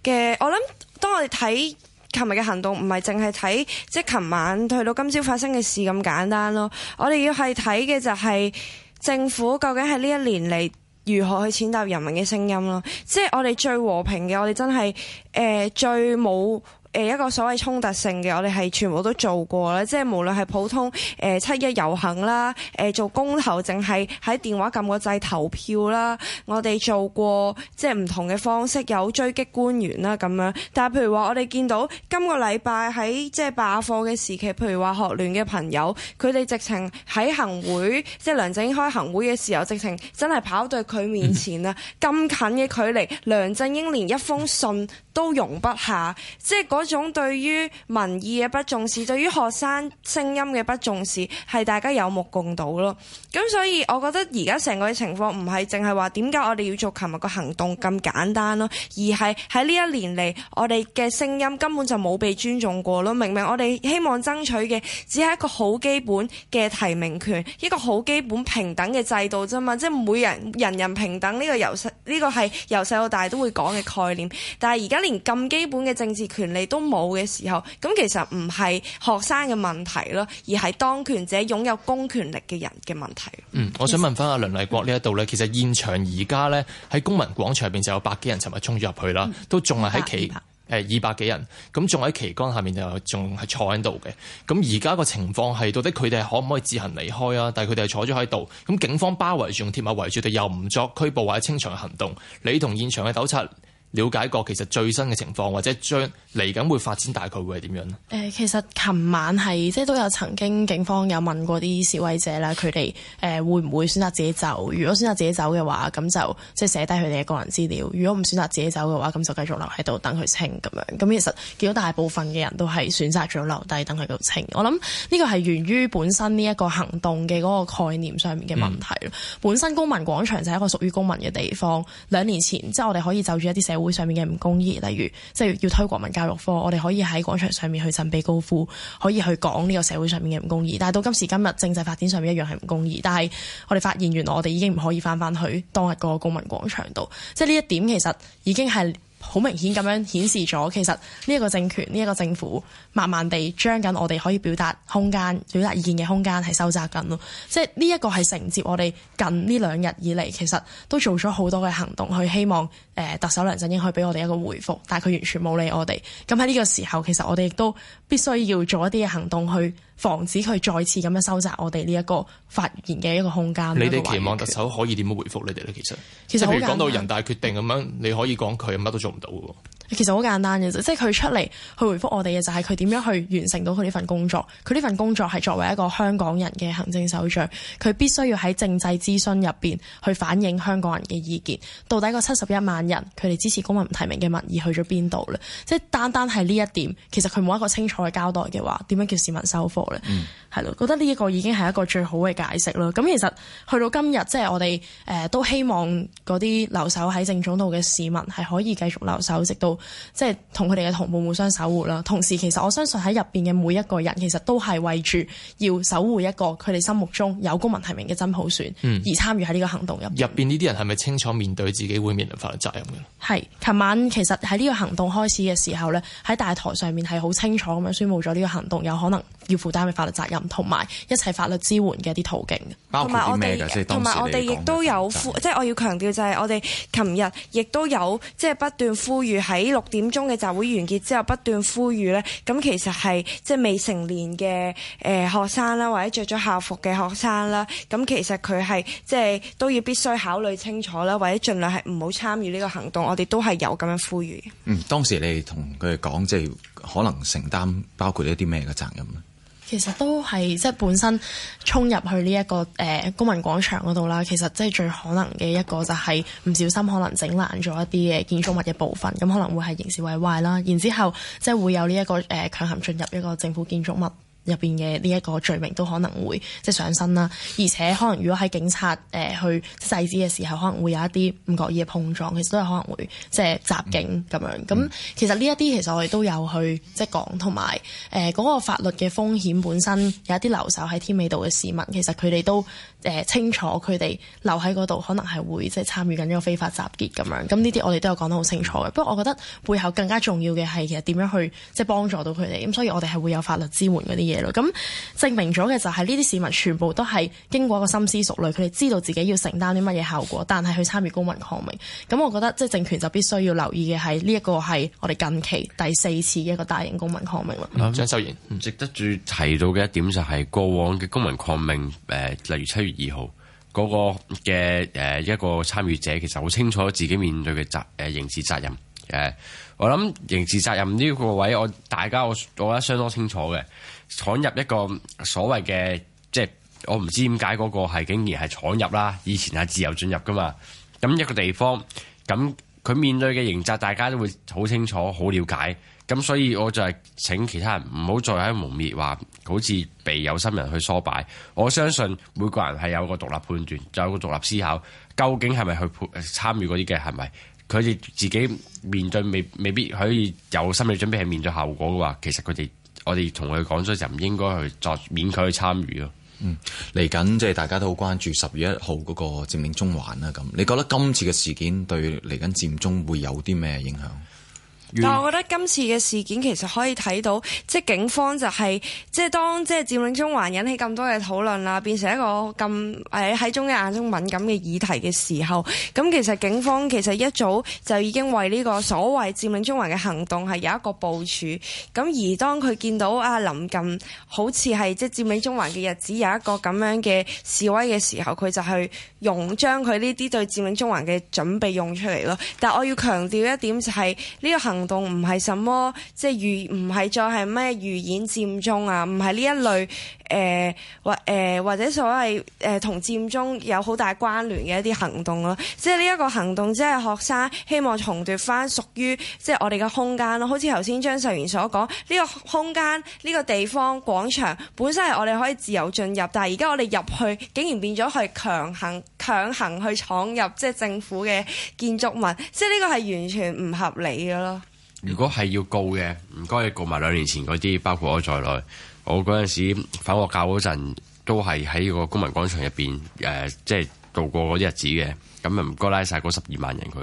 嘅，我諗當我哋睇。琴日嘅行動唔係淨係睇即係琴晚去到今朝發生嘅事咁簡單咯，我哋要係睇嘅就係、是、政府究竟喺呢一年嚟如何去踐踏，踏人民嘅聲音咯，即係我哋最和平嘅，我哋真係誒、呃、最冇。誒一個所謂衝突性嘅，我哋係全部都做過啦，即係無論係普通誒、呃、七一遊行啦，誒、呃、做公投淨係喺電話撳個掣投票啦，我哋做過即係唔同嘅方式，有追擊官員啦咁樣。但係譬如話，我哋見到今個禮拜喺即係罷課嘅時期，譬如話學聯嘅朋友，佢哋直情喺行會，即係梁振英開行會嘅時候，直情真係跑到佢面前啊！咁、嗯、近嘅距離，梁振英連一封信都容不下，即係嗰。種對於民意嘅不重視，對於學生聲音嘅不重視，係大家有目共睹咯。咁所以我覺得而家成個情況唔係淨係話點解我哋要做琴日個行動咁簡單咯，而係喺呢一年嚟，我哋嘅聲音根本就冇被尊重過咯。明明我哋希望爭取嘅只係一個好基本嘅提名權，一個好基本平等嘅制度啫嘛，即係每人人人平等呢個由細呢個係由細到大都會講嘅概念，但係而家連咁基本嘅政治權利。都冇嘅時候，咁其實唔係學生嘅問題咯，而係當權者擁有公權力嘅人嘅問題。嗯，我想問翻阿梁麗幗呢一度咧，嗯、其實現場而家咧喺公民廣場入邊就有百幾人，尋日衝咗入去啦，都仲係喺旗誒二百幾人，咁仲喺旗杆下面就仲係坐喺度嘅。咁而家個情況係到底佢哋係可唔可以自行離開啊？但係佢哋係坐咗喺度，咁警方包圍住用鐵馬圍住，佢又唔作拘捕或者清場嘅行動。你同現場嘅糾察了解過其實最新嘅情況，或者將嚟緊會發展大概會係點樣咧？誒，其實琴晚係即係都有曾經警方有問過啲示威者啦，佢哋誒會唔會選擇自己走？如果選擇自己走嘅話，咁就即係寫低佢哋嘅個人資料；如果唔選擇自己走嘅話，咁就繼續留喺度等佢清咁樣。咁其實見到大部分嘅人都係選擇咗留低等佢到清。我諗呢個係源於本身呢一個行動嘅嗰個概念上面嘅問題，嗯、本身公民廣場就係一個屬於公民嘅地方，兩年前即係我哋可以就住一啲社社會上面嘅唔公義，例如即係要推國民教育科，我哋可以喺廣場上面去振臂高呼，可以去講呢個社會上面嘅唔公義。但係到今時今日，政制發展上面一樣係唔公義，但係我哋發現原來我哋已經唔可以翻返去當日個公民廣場度，即係呢一點其實已經係。好明顯咁樣顯示咗，其實呢一個政權、呢、這、一個政府，慢慢地將緊我哋可以表達空間、表達意見嘅空間係收窄緊咯。即係呢一個係承接我哋近呢兩日以嚟，其實都做咗好多嘅行動，去希望誒、呃、特首梁振英去俾我哋一個回覆，但係佢完全冇理我哋。咁喺呢個時候，其實我哋亦都必須要做一啲嘅行動去。防止佢再次咁樣收窄我哋呢一個發言嘅一個空間。你哋期望特首可以點樣回覆你哋咧？其實其實譬如講到人大決定咁樣，你可以講佢乜都做唔到喎。其實好簡單嘅啫，即係佢出嚟去回覆我哋嘅就係佢點樣去完成到佢呢份工作。佢呢份工作係作為一個香港人嘅行政首長，佢必須要喺政制諮詢入邊去反映香港人嘅意見。到底個七十一萬人佢哋支持公民唔提名嘅民意去咗邊度咧？即係單單係呢一點，其實佢冇一個清楚嘅交代嘅話，點樣叫市民收貨咧？嗯係咯，覺得呢一個已經係一個最好嘅解釋咯。咁其實去到今日，即係我哋誒都希望嗰啲留守喺政總度嘅市民係可以繼續留守，直到即係同佢哋嘅同伴互相守護啦。同時，其實我相信喺入邊嘅每一個人，其實都係為住要守護一個佢哋心目中有公民提名嘅真普選，嗯、而參與喺呢個行動入邊。入邊呢啲人係咪清楚面對自己會面臨法律責任嘅？係，琴晚其實喺呢個行動開始嘅時候呢，喺大台上面係好清楚咁樣宣佈咗呢個行動有可能要負擔嘅法律責任。同埋一齊法律支援嘅一啲途徑，同埋我哋，同埋我哋亦說都有呼，負即係我要強調就係我哋琴日亦都有，即係不斷呼籲喺六點鐘嘅集會完結之後，不斷呼籲咧。咁其實係即係未成年嘅誒學生啦，或者着咗校服嘅學生啦，咁其實佢係即係都要必須考慮清楚啦，或者盡量係唔好參與呢個行動。我哋都係有咁樣呼籲。嗯，當時你同佢哋講，即係可能承擔包括呢一啲咩嘅責任咧？其實都係即係本身衝入去呢一個誒公民廣場嗰度啦，其實即係最可能嘅一個就係唔小心可能整爛咗一啲嘅建築物嘅部分，咁可能會係刑事毀壞啦。然之後即係會有呢一個誒強行進入一個政府建築物。入邊嘅呢一個罪名都可能會即係上身啦，而且可能如果喺警察誒去、呃、制止嘅時候，可能會有一啲唔覺意嘅碰撞，其實都係可能會即係襲警咁樣，咁其實呢一啲其實我哋都有去即係講同埋誒嗰個法律嘅風險本身，有一啲留守喺天美道嘅市民，其實佢哋都誒、呃、清楚佢哋留喺嗰度，可能係會即係參與緊呢個非法集結咁樣，咁呢啲我哋都有講得好清楚嘅。不過我覺得背後更加重要嘅係其實點樣去即係幫助到佢哋。咁所以我哋係會有法律支援嗰啲嘢。咁證明咗嘅就係呢啲市民全部都係經過一個深思熟慮，佢哋知道自己要承擔啲乜嘢效果，但係去參與公民抗命。咁、嗯，我覺得即係政權就必須要留意嘅係呢一個係我哋近期第四次嘅一個大型公民抗命咯。張秀賢，嗯嗯、值得住提到嘅一點就係、是、過往嘅公民抗命，誒、呃，例如七月二號嗰個嘅誒、呃、一個參與者，其實好清楚自己面對嘅責誒、呃、刑事責任。誒、呃，我諗刑事責任呢個位我大家我我覺得相當清楚嘅。闖入一個所謂嘅，即係我唔知點解嗰個係竟然係闖入啦。以前係自由進入噶嘛。咁一個地方，咁佢面對嘅刑責，大家都會好清楚、好了解。咁所以我就係請其他人唔好再喺度矇蔽，話好似被有心人去梳擺。我相信每個人係有個獨立判斷，有個獨立思考，究竟係咪去參與嗰啲嘅係咪？佢哋自己面對未未必可以有心理準備，係面對後果嘅話，其實佢哋。我哋同佢講咗，就唔應該去作勉強去參與咯。嗯，嚟緊即係大家都好關注十月一號嗰個佔領中環啦。咁，你覺得今次嘅事件對嚟緊佔中會有啲咩影響？但我覺得今次嘅事件其實可以睇到，即係警方就係即係當即係佔領中環引起咁多嘅討論啦，變成一個咁誒喺中人眼中敏感嘅議題嘅時候，咁其實警方其實一早就已經為呢個所謂佔領中環嘅行動係有一個部署，咁而當佢見到啊臨近好似係即係佔領中環嘅日子有一個咁樣嘅示威嘅時候，佢就去用將佢呢啲對佔領中環嘅準備用出嚟咯。但我要強調一點就係呢個行。行動唔係什麼即係預唔係再係咩預演佔中啊？唔係呢一類誒、呃、或誒、呃、或者所謂誒、呃、同佔中有好大關聯嘅一啲行動咯。即係呢一個行動，即係學生希望重奪返屬於即係我哋嘅空間咯。好似頭先張秀賢所講，呢、這個空間呢、這個地方廣場本身係我哋可以自由進入，但係而家我哋入去竟然變咗係強行強行去闖入，即係政府嘅建築物，即係呢個係完全唔合理嘅咯。如果係要告嘅，唔該你告埋兩年前嗰啲，包括我在內。我嗰陣時反國教嗰陣，都係喺個公民廣場入邊誒，即係度過嗰啲日子嘅。咁又唔該拉晒嗰十二萬人佢。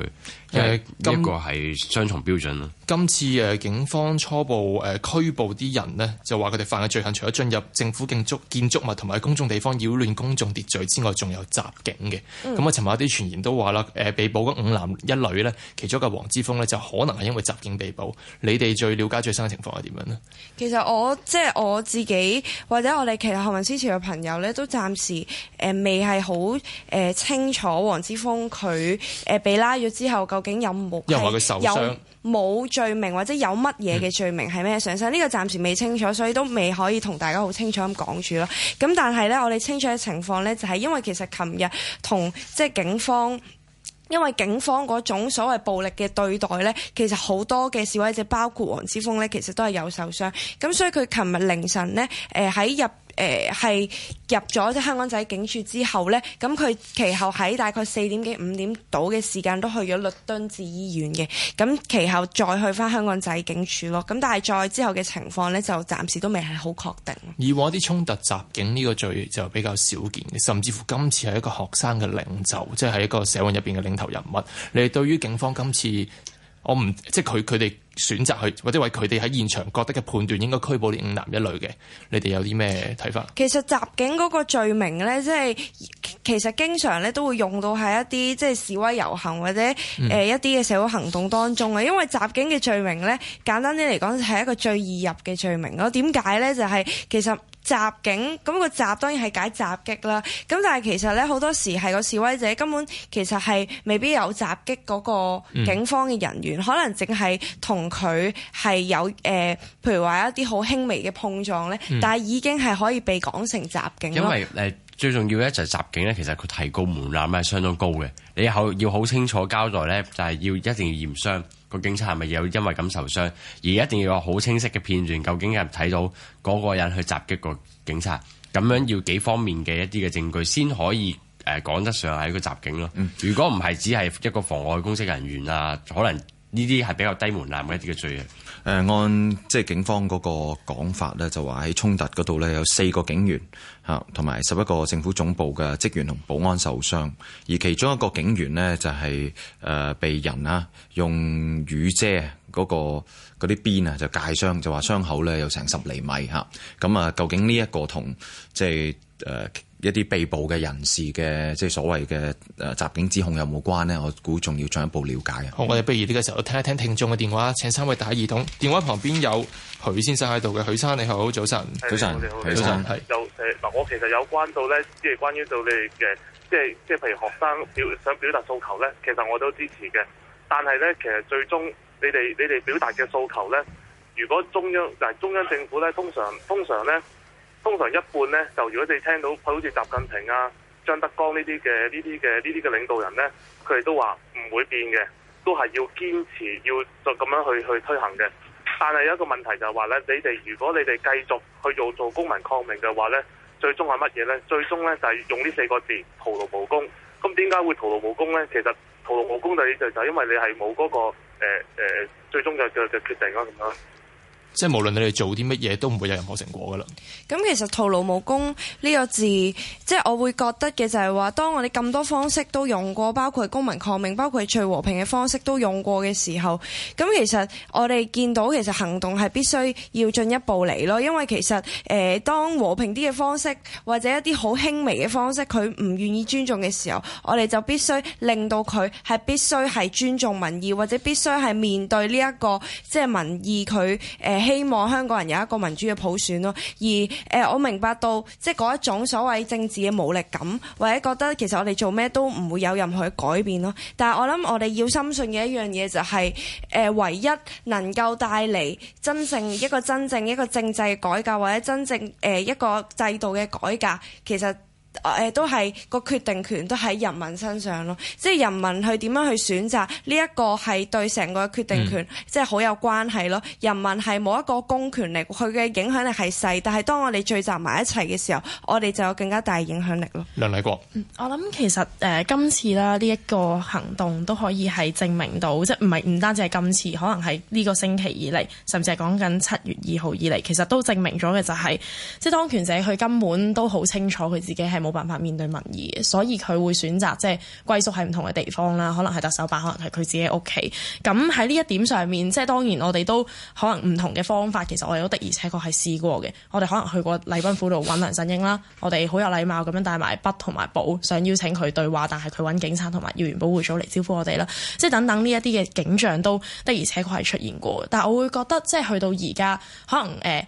誒，呢個係雙重標準，今次誒警方初步誒、呃、拘捕啲人呢，就話佢哋犯嘅罪行，除咗進入政府建築建築物同埋公眾地方擾亂公眾秩序之外，仲有襲警嘅。咁啊、嗯，尋日啲傳言都話啦，誒、呃、被捕嘅五男一女呢，其中嘅黃之鋒呢，就可能係因為襲警被捕。你哋最了解最新嘅情況係點樣呢？其實我即係、就是、我自己，或者我哋其他學民思潮嘅朋友呢，都暫時誒、呃、未係好誒清楚黃之鋒佢誒被拉咗之後，究竟有冇？又冇罪名，或者有乜嘢嘅罪名？係咩上身？呢個暫時未清楚，所以都未可以同大家好清楚咁講住咯。咁但係呢，我哋清楚嘅情況呢，就係因為其實琴日同即係警方，因為警方嗰種所謂暴力嘅對待呢，其實好多嘅示威者，包括黃之鋒呢，其實都係有受傷。咁所以佢琴日凌晨呢，誒喺入。誒係、呃、入咗香港仔警署之後呢，咁佢其後喺大概四點幾五點到嘅時間都去咗律敦治醫院嘅，咁其後再去翻香港仔警署咯。咁但係再之後嘅情況呢，就暫時都未係好確定。以往啲衝突襲警呢、呢個罪就比較少見嘅，甚至乎今次係一個學生嘅領袖，即係一個社會入邊嘅領頭人物。你哋對於警方今次？我唔即係佢佢哋選擇去，或者為佢哋喺現場覺得嘅判斷應該拘捕啲五男一女嘅，你哋有啲咩睇法？其實襲警嗰個罪名咧，即係其實經常咧都會用到喺一啲即係示威遊行或者誒一啲嘅社會行動當中啊，嗯、因為襲警嘅罪名咧，簡單啲嚟講係一個最易入嘅罪名咯。點解咧？就係、是、其實。襲警咁、嗰個襲當然係解襲擊啦，咁但係其實咧好多時係個示威者根本其實係未必有襲擊嗰個警方嘅人員，嗯、可能淨係同佢係有誒、呃，譬如話一啲好輕微嘅碰撞咧，嗯、但係已經係可以被講成襲警。因為誒、呃、最重要咧就係襲警咧，其實佢提高門檻係相當高嘅，你好要好清楚交代咧，就係要一定要驗傷。個警察係咪有因為咁受傷，而一定要有好清晰嘅片段，究竟係睇到嗰個人去襲擊個警察，咁樣要幾方面嘅一啲嘅證據，先可以誒講得上係一個襲警咯。嗯、如果唔係，只係一個妨礙公職人員啊，可能呢啲係比較低門檻嘅一啲嘅罪嘢。嗯、按即係、就是、警方嗰個講法呢，就話喺衝突嗰度呢，有四個警員。啊，同埋十一個政府總部嘅職員同保安受傷，而其中一個警員呢就係、是、誒、呃、被人啊用雨遮嗰、那個嗰啲邊啊就界傷，就話傷口咧有成十厘米吓，咁啊究竟呢一個同即係誒，就是呃一啲被捕嘅人士嘅即係所謂嘅誒襲警指控有冇關咧？我估仲要進一步了解嘅。我哋不如呢個時候聽一聽聽眾嘅電話，請三位打耳筒。電話旁邊有許先生喺度嘅，許生你好，早晨。早晨，許生。係。就嗱，我其實有關到咧，即係關於到你嘅，即係即係譬如學生表想表達訴求咧，其實我都支持嘅。但係咧，其實最終你哋你哋表達嘅訴求咧，如果中央嗱中央政府咧，通常通常咧。通常一半咧，就如果你聽到好似習近平啊、張德江呢啲嘅呢啲嘅呢啲嘅領導人咧，佢哋都話唔會變嘅，都係要堅持要就咁樣去去推行嘅。但係有一個問題就係話咧，你哋如果你哋繼續去做做公民抗命嘅話咧，最終係乜嘢咧？最終咧就係、是、用呢四個字：徒勞無功。咁點解會徒勞無功咧？其實徒勞無功你就就因為你係冇嗰個誒、呃呃、最終嘅嘅嘅決定啊咁樣。即係無論你哋做啲乜嘢都唔會有任何成果㗎啦。咁其實徒勞無功呢個字，即係我會覺得嘅就係話，當我哋咁多方式都用過，包括公民抗命，包括最和平嘅方式都用過嘅時候，咁其實我哋見到其實行動係必須要進一步嚟咯。因為其實誒，當和平啲嘅方式或者一啲好輕微嘅方式，佢唔願意尊重嘅時候，我哋就必須令到佢係必須係尊重民意，或者必須係面對呢一個即係民意佢誒。希望香港人有一個民主嘅普選咯，而誒、呃、我明白到即係嗰一種所謂政治嘅無力感，或者覺得其實我哋做咩都唔會有任何改變咯。但係我諗我哋要深信嘅一樣嘢就係、是、誒、呃、唯一能夠帶嚟真正一個真正一個政制改革或者真正誒一個制度嘅改革，其實。誒都係、那個決定權都喺人民身上咯，即係人民去點樣去選擇呢一個係對成個決定權，嗯、即係好有關係咯。人民係冇一個公權力，佢嘅影響力係細，但係當我哋聚集埋一齊嘅時候，我哋就有更加大影響力咯。梁麗幗，我諗其實誒、呃、今次啦，呢一個行動都可以係證明到，即係唔係唔單止係今次，可能係呢個星期以嚟，甚至係講緊七月二號以嚟，其實都證明咗嘅就係、是，即係當權者佢根本都好清楚佢自己係冇。辦法面對民意，所以佢會選擇即係歸宿喺唔同嘅地方啦，可能係特首辦，可能係佢自己屋企。咁喺呢一點上面，即係當然我哋都可能唔同嘅方法。其實我哋都的而且確係試過嘅。我哋可能去過禮賓府度揾梁振英啦，我哋好有禮貌咁樣帶埋筆同埋簿，想邀請佢對話，但係佢揾警察同埋要員保護組嚟招呼我哋啦，即係等等呢一啲嘅景象都的而且確係出現過。但係我會覺得即係去到而家，可能誒。呃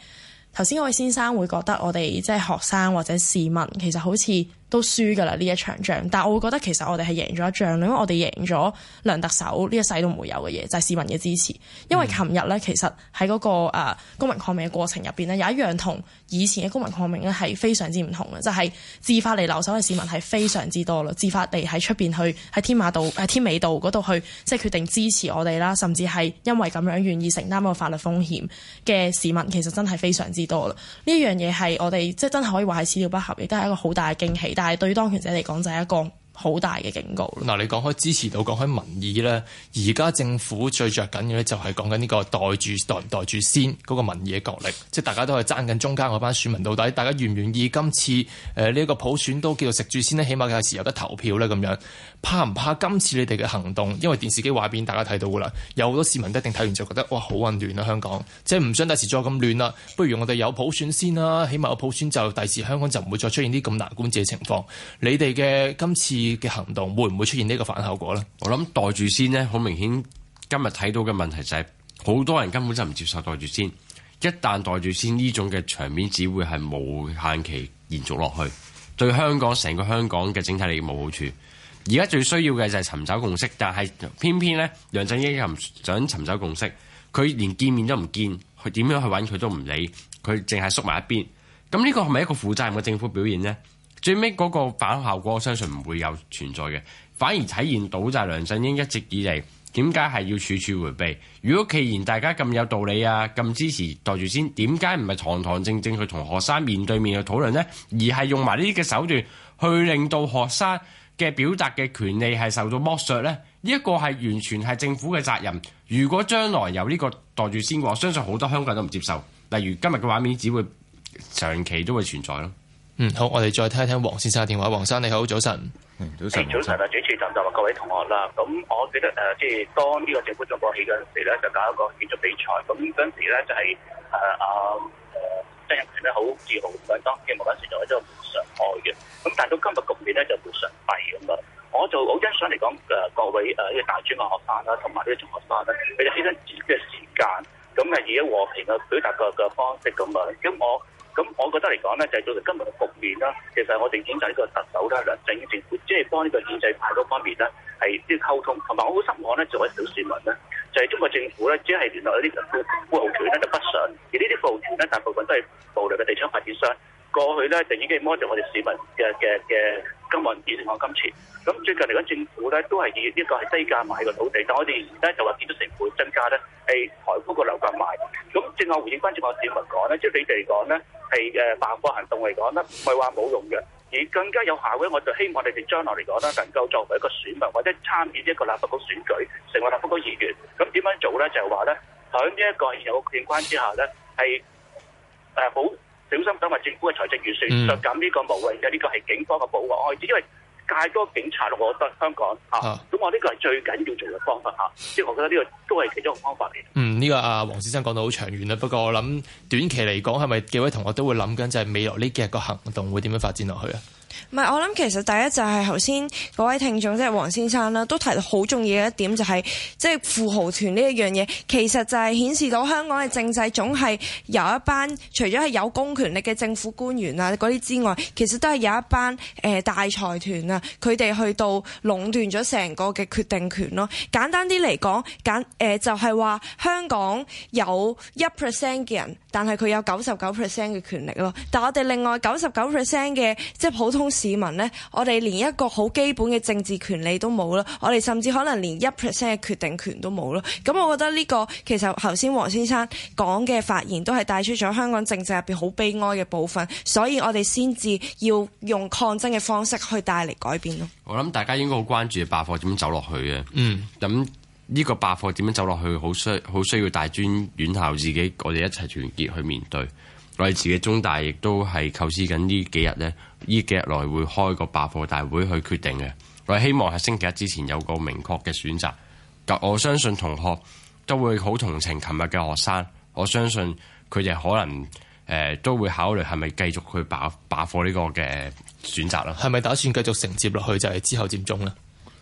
頭先嗰位先生會覺得我哋即係學生或者市民，其實好似都輸㗎啦呢一場仗，但係我會覺得其實我哋係贏咗一仗啦，因為我哋贏咗梁特首呢一世都唔會有嘅嘢，就係市民嘅支持。因為琴日呢，其實喺嗰個呃公民抗命嘅過程入邊呢，有一樣同以前嘅公民抗命咧係非常之唔同嘅，就係自發嚟留守嘅市民係非常之多啦，自發地喺出邊去喺添馬道誒添美道嗰度去即係決定支持我哋啦，甚至係因為咁樣願意承擔個法律風險嘅市民其實真係非常之多啦。呢一樣嘢係我哋即係真係可以話係始料不及，亦都係一個好大嘅驚喜。但係對於當權者嚟講，就係一個。好大嘅警告。嗱，你講開支持度講開民意咧，而家政府最着緊嘅咧就係講緊呢個袋住、袋唔袋住先嗰個民意嘅角力，即係大家都係爭緊中間嗰班選民到底大家願唔願意今次誒呢一個普選都叫做食住先呢？起碼有時有得投票咧咁樣。怕唔怕今次你哋嘅行動？因為電視機畫面大家睇到噶啦，有好多市民一定睇完就覺得哇好混亂啊！香港，即係唔想第時再咁亂啦、啊，不如我哋有普選先啦、啊，起碼有普選就第時香港就唔會再出現啲咁難管治嘅情況。你哋嘅今次。嘅行動會唔會出現呢個反效果呢？我諗袋住先呢，好明顯今日睇到嘅問題就係、是、好多人根本就唔接受袋住先。一旦袋住先呢種嘅場面，只會係無限期延續落去，對香港成個香港嘅整體利益冇好處。而家最需要嘅就係尋找共識，但係偏偏呢，梁振英又唔想尋找共識，佢連見面都唔見，佢點樣去揾佢都唔理，佢淨係縮埋一邊。咁呢個係咪一個負責任嘅政府表現呢？最尾嗰個反效果，我相信唔會有存在嘅，反而體現到就係梁振英一直以嚟點解係要處處迴避。如果既然大家咁有道理啊，咁支持袋住先，點解唔係堂堂正正去同學生面對面去討論呢？而係用埋呢啲嘅手段去令到學生嘅表達嘅權利係受到剝削呢？呢一個係完全係政府嘅責任。如果將來有呢個袋住先，我相信好多香港人都唔接受。例如今日嘅畫面，只會長期都會存在咯。嗯，好，我哋再聽一聽黃先生嘅電話。黃生你好，早晨，嗯、早晨，早晨啊！主持就就話各位同學啦。咁我記得誒，即、呃、係、就是、當呢個政府仲未起嗰陣時咧，就搞一個建築比賽。咁嗰陣時咧就係誒阿誒曾蔭權咧好自豪咁樣當建模嗰陣時就喺度上台嘅。咁但係到今日局面咧就冇上台咁啊。我就好欣賞嚟講誒各位誒呢個大專嘅學生啦，同埋呢啲中學生咧，佢哋犧牲自己嘅時間，咁啊以和平嘅表達個各個方式咁啊。咁我。咁我覺得嚟講咧，就係、是、到今日嘅局面啦。其實我哋見到呢個特首啦、梁振英政府，即係幫呢個建制派嘅方面咧，係啲溝通。同埋我好失望咧，作為小市民咧，就係、是、中國政府咧，只係聯絡一啲富豪團咧就北上，而呢啲富豪團咧，大部分都係暴利嘅地產發展商。過去咧就已經摸著我哋市民嘅嘅嘅金銀錢同埋金錢。咁最近嚟講，政府咧都係以呢個係低價買嘅土地。但我哋而家就話見到成本增加咧，係台區個樓價賣。咁正向回應關注我市民講咧，即係你哋講咧係嘅罷課行動嚟講咧，唔係話冇用嘅，而更加有效咧，我就希望你哋將來嚟講咧能夠作為一個選民或者參與一個立法局選舉，成為立法局議員。咁點樣做咧？就係話咧，喺呢一個現狀情況之下咧，係誒好。呃小心等埋政府嘅財政預算就減呢個無謂嘅，呢、呢個係警方嘅保護開支，因為戒多警察咯、啊啊啊。我覺得香港嚇，咁我呢個係最緊要做嘅方法嚇。即係我覺得呢個都係其中一個方法嚟。嗯，呢、呢個阿、啊、黃先生講到好長遠啦。不過我諗短期嚟講，係咪幾位同學都會諗緊，就係未來呢幾日個行動會點樣發展落去啊？唔係，我諗其實第一就係頭先嗰位聽眾即係、就是、黃先生啦，都提到好重要嘅一點、就是，就係即係富豪團呢一樣嘢，其實就係顯示到香港嘅政制總係有一班除咗係有公權力嘅政府官員啊嗰啲之外，其實都係有一班誒、呃、大財團啊，佢哋去到壟斷咗成個嘅決定權咯。簡單啲嚟講，簡誒、呃、就係、是、話香港有一 percent 嘅人，但係佢有九十九 percent 嘅權力咯。但係我哋另外九十九 percent 嘅即係普通。普通市民呢，我哋連一個好基本嘅政治權利都冇啦，我哋甚至可能連一 percent 嘅決定權都冇咯。咁我覺得呢、這個其實頭先黃先生講嘅發言，都係帶出咗香港政治入邊好悲哀嘅部分，所以我哋先至要用抗爭嘅方式去帶嚟改變咯。我諗大家應該好關注嘅罷課點樣走落去嘅，嗯，咁呢個罷課點樣走落去，好需好需要大專院校自己，我哋一齊團結去面對。我哋自己中大亦都係構思緊呢幾日咧，呢幾日內會開個罷課大會去決定嘅。我哋希望喺星期日之前有個明確嘅選擇。咁我相信同學都會好同情琴日嘅學生。我相信佢哋可能誒、呃、都會考慮係咪繼續去罷罷課呢個嘅選擇啦。係咪打算繼續承接落去就係之後佔中咧？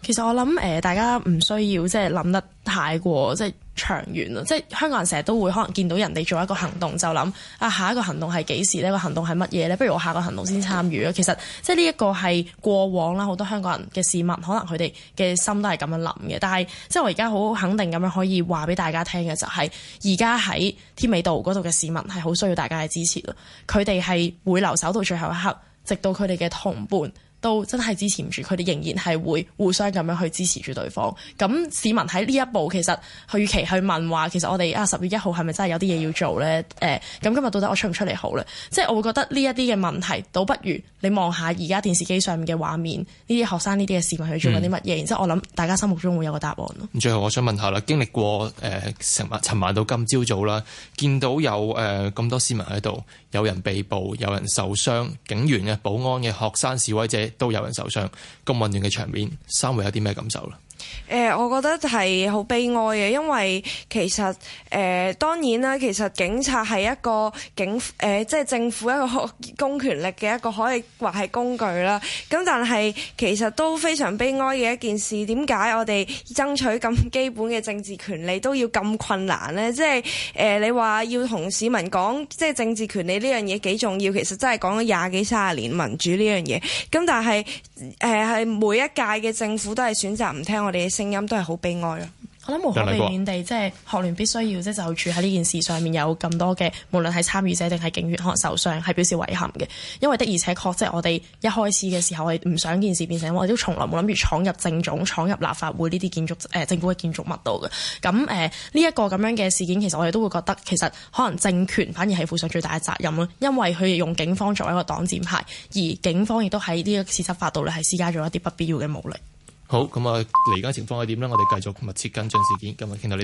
其實我諗誒、呃，大家唔需要即係諗得太過即係長遠咯。即係香港人成日都會可能見到人哋做一個行動就諗：「啊，下一個行動係幾時呢？個行動係乜嘢呢？」不如我下個行動先參與咯。其實即係呢一個係過往啦，好多香港人嘅市民可能佢哋嘅心都係咁樣諗嘅。但係即係我而家好肯定咁樣可以話俾大家聽嘅就係、是，而家喺添美道嗰度嘅市民係好需要大家嘅支持。佢哋係會留守到最後一刻，直到佢哋嘅同伴。都真係支持唔住，佢哋仍然係會互相咁樣去支持住對方。咁市民喺呢一步，其實去期去問話，其實我哋啊十月一號係咪真係有啲嘢要做呢？誒、呃，咁今日到底我出唔出嚟好咧？即係我會覺得呢一啲嘅問題，倒不如你望下而家電視機上面嘅畫面，呢啲學生、呢啲嘅市民去做緊啲乜嘢？然之後我諗大家心目中會有個答案咯。最後我想問下啦，經歷過誒、呃、成晚尋晚到今朝早啦，見到有誒咁、呃、多市民喺度，有人被捕，有人受傷，警員嘅、保安嘅、學生示威者。都有人受傷，咁混亂嘅場面，三位有啲咩感受咧？誒、呃，我覺得係好悲哀嘅，因為其實誒、呃，當然啦，其實警察係一個警誒、呃，即係政府一個公權力嘅一個可以話係工具啦。咁但係其實都非常悲哀嘅一件事，點解我哋爭取咁基本嘅政治權利都要咁困難呢？即係誒、呃，你話要同市民講，即係政治權利呢樣嘢幾重要，其實真係講咗廿幾三十年民主呢樣嘢。咁但係誒，係、呃、每一屆嘅政府都係選擇唔聽我。你嘅聲音都係好悲哀呀，我諗無可避免地，即係學聯必須要即係就住喺呢件事上面有咁多嘅，無論係參與者定係警員可能受傷，係表示遺憾嘅。因為的而且確，即係我哋一開始嘅時候，係唔想件事變成我哋都從來冇諗住闖入政總、闖入立法會呢啲建築誒政府嘅建築物度嘅。咁誒呢一個咁樣嘅事件，其實我哋都會覺得其實可能政權反而係負上最大嘅責任咯，因為佢用警方作為一個擋箭牌，而警方亦都喺呢一次執法度咧係施加咗一啲不必要嘅武力。好，咁啊，而家情況係點咧？我哋繼續密切跟進事件，今日傾到呢度。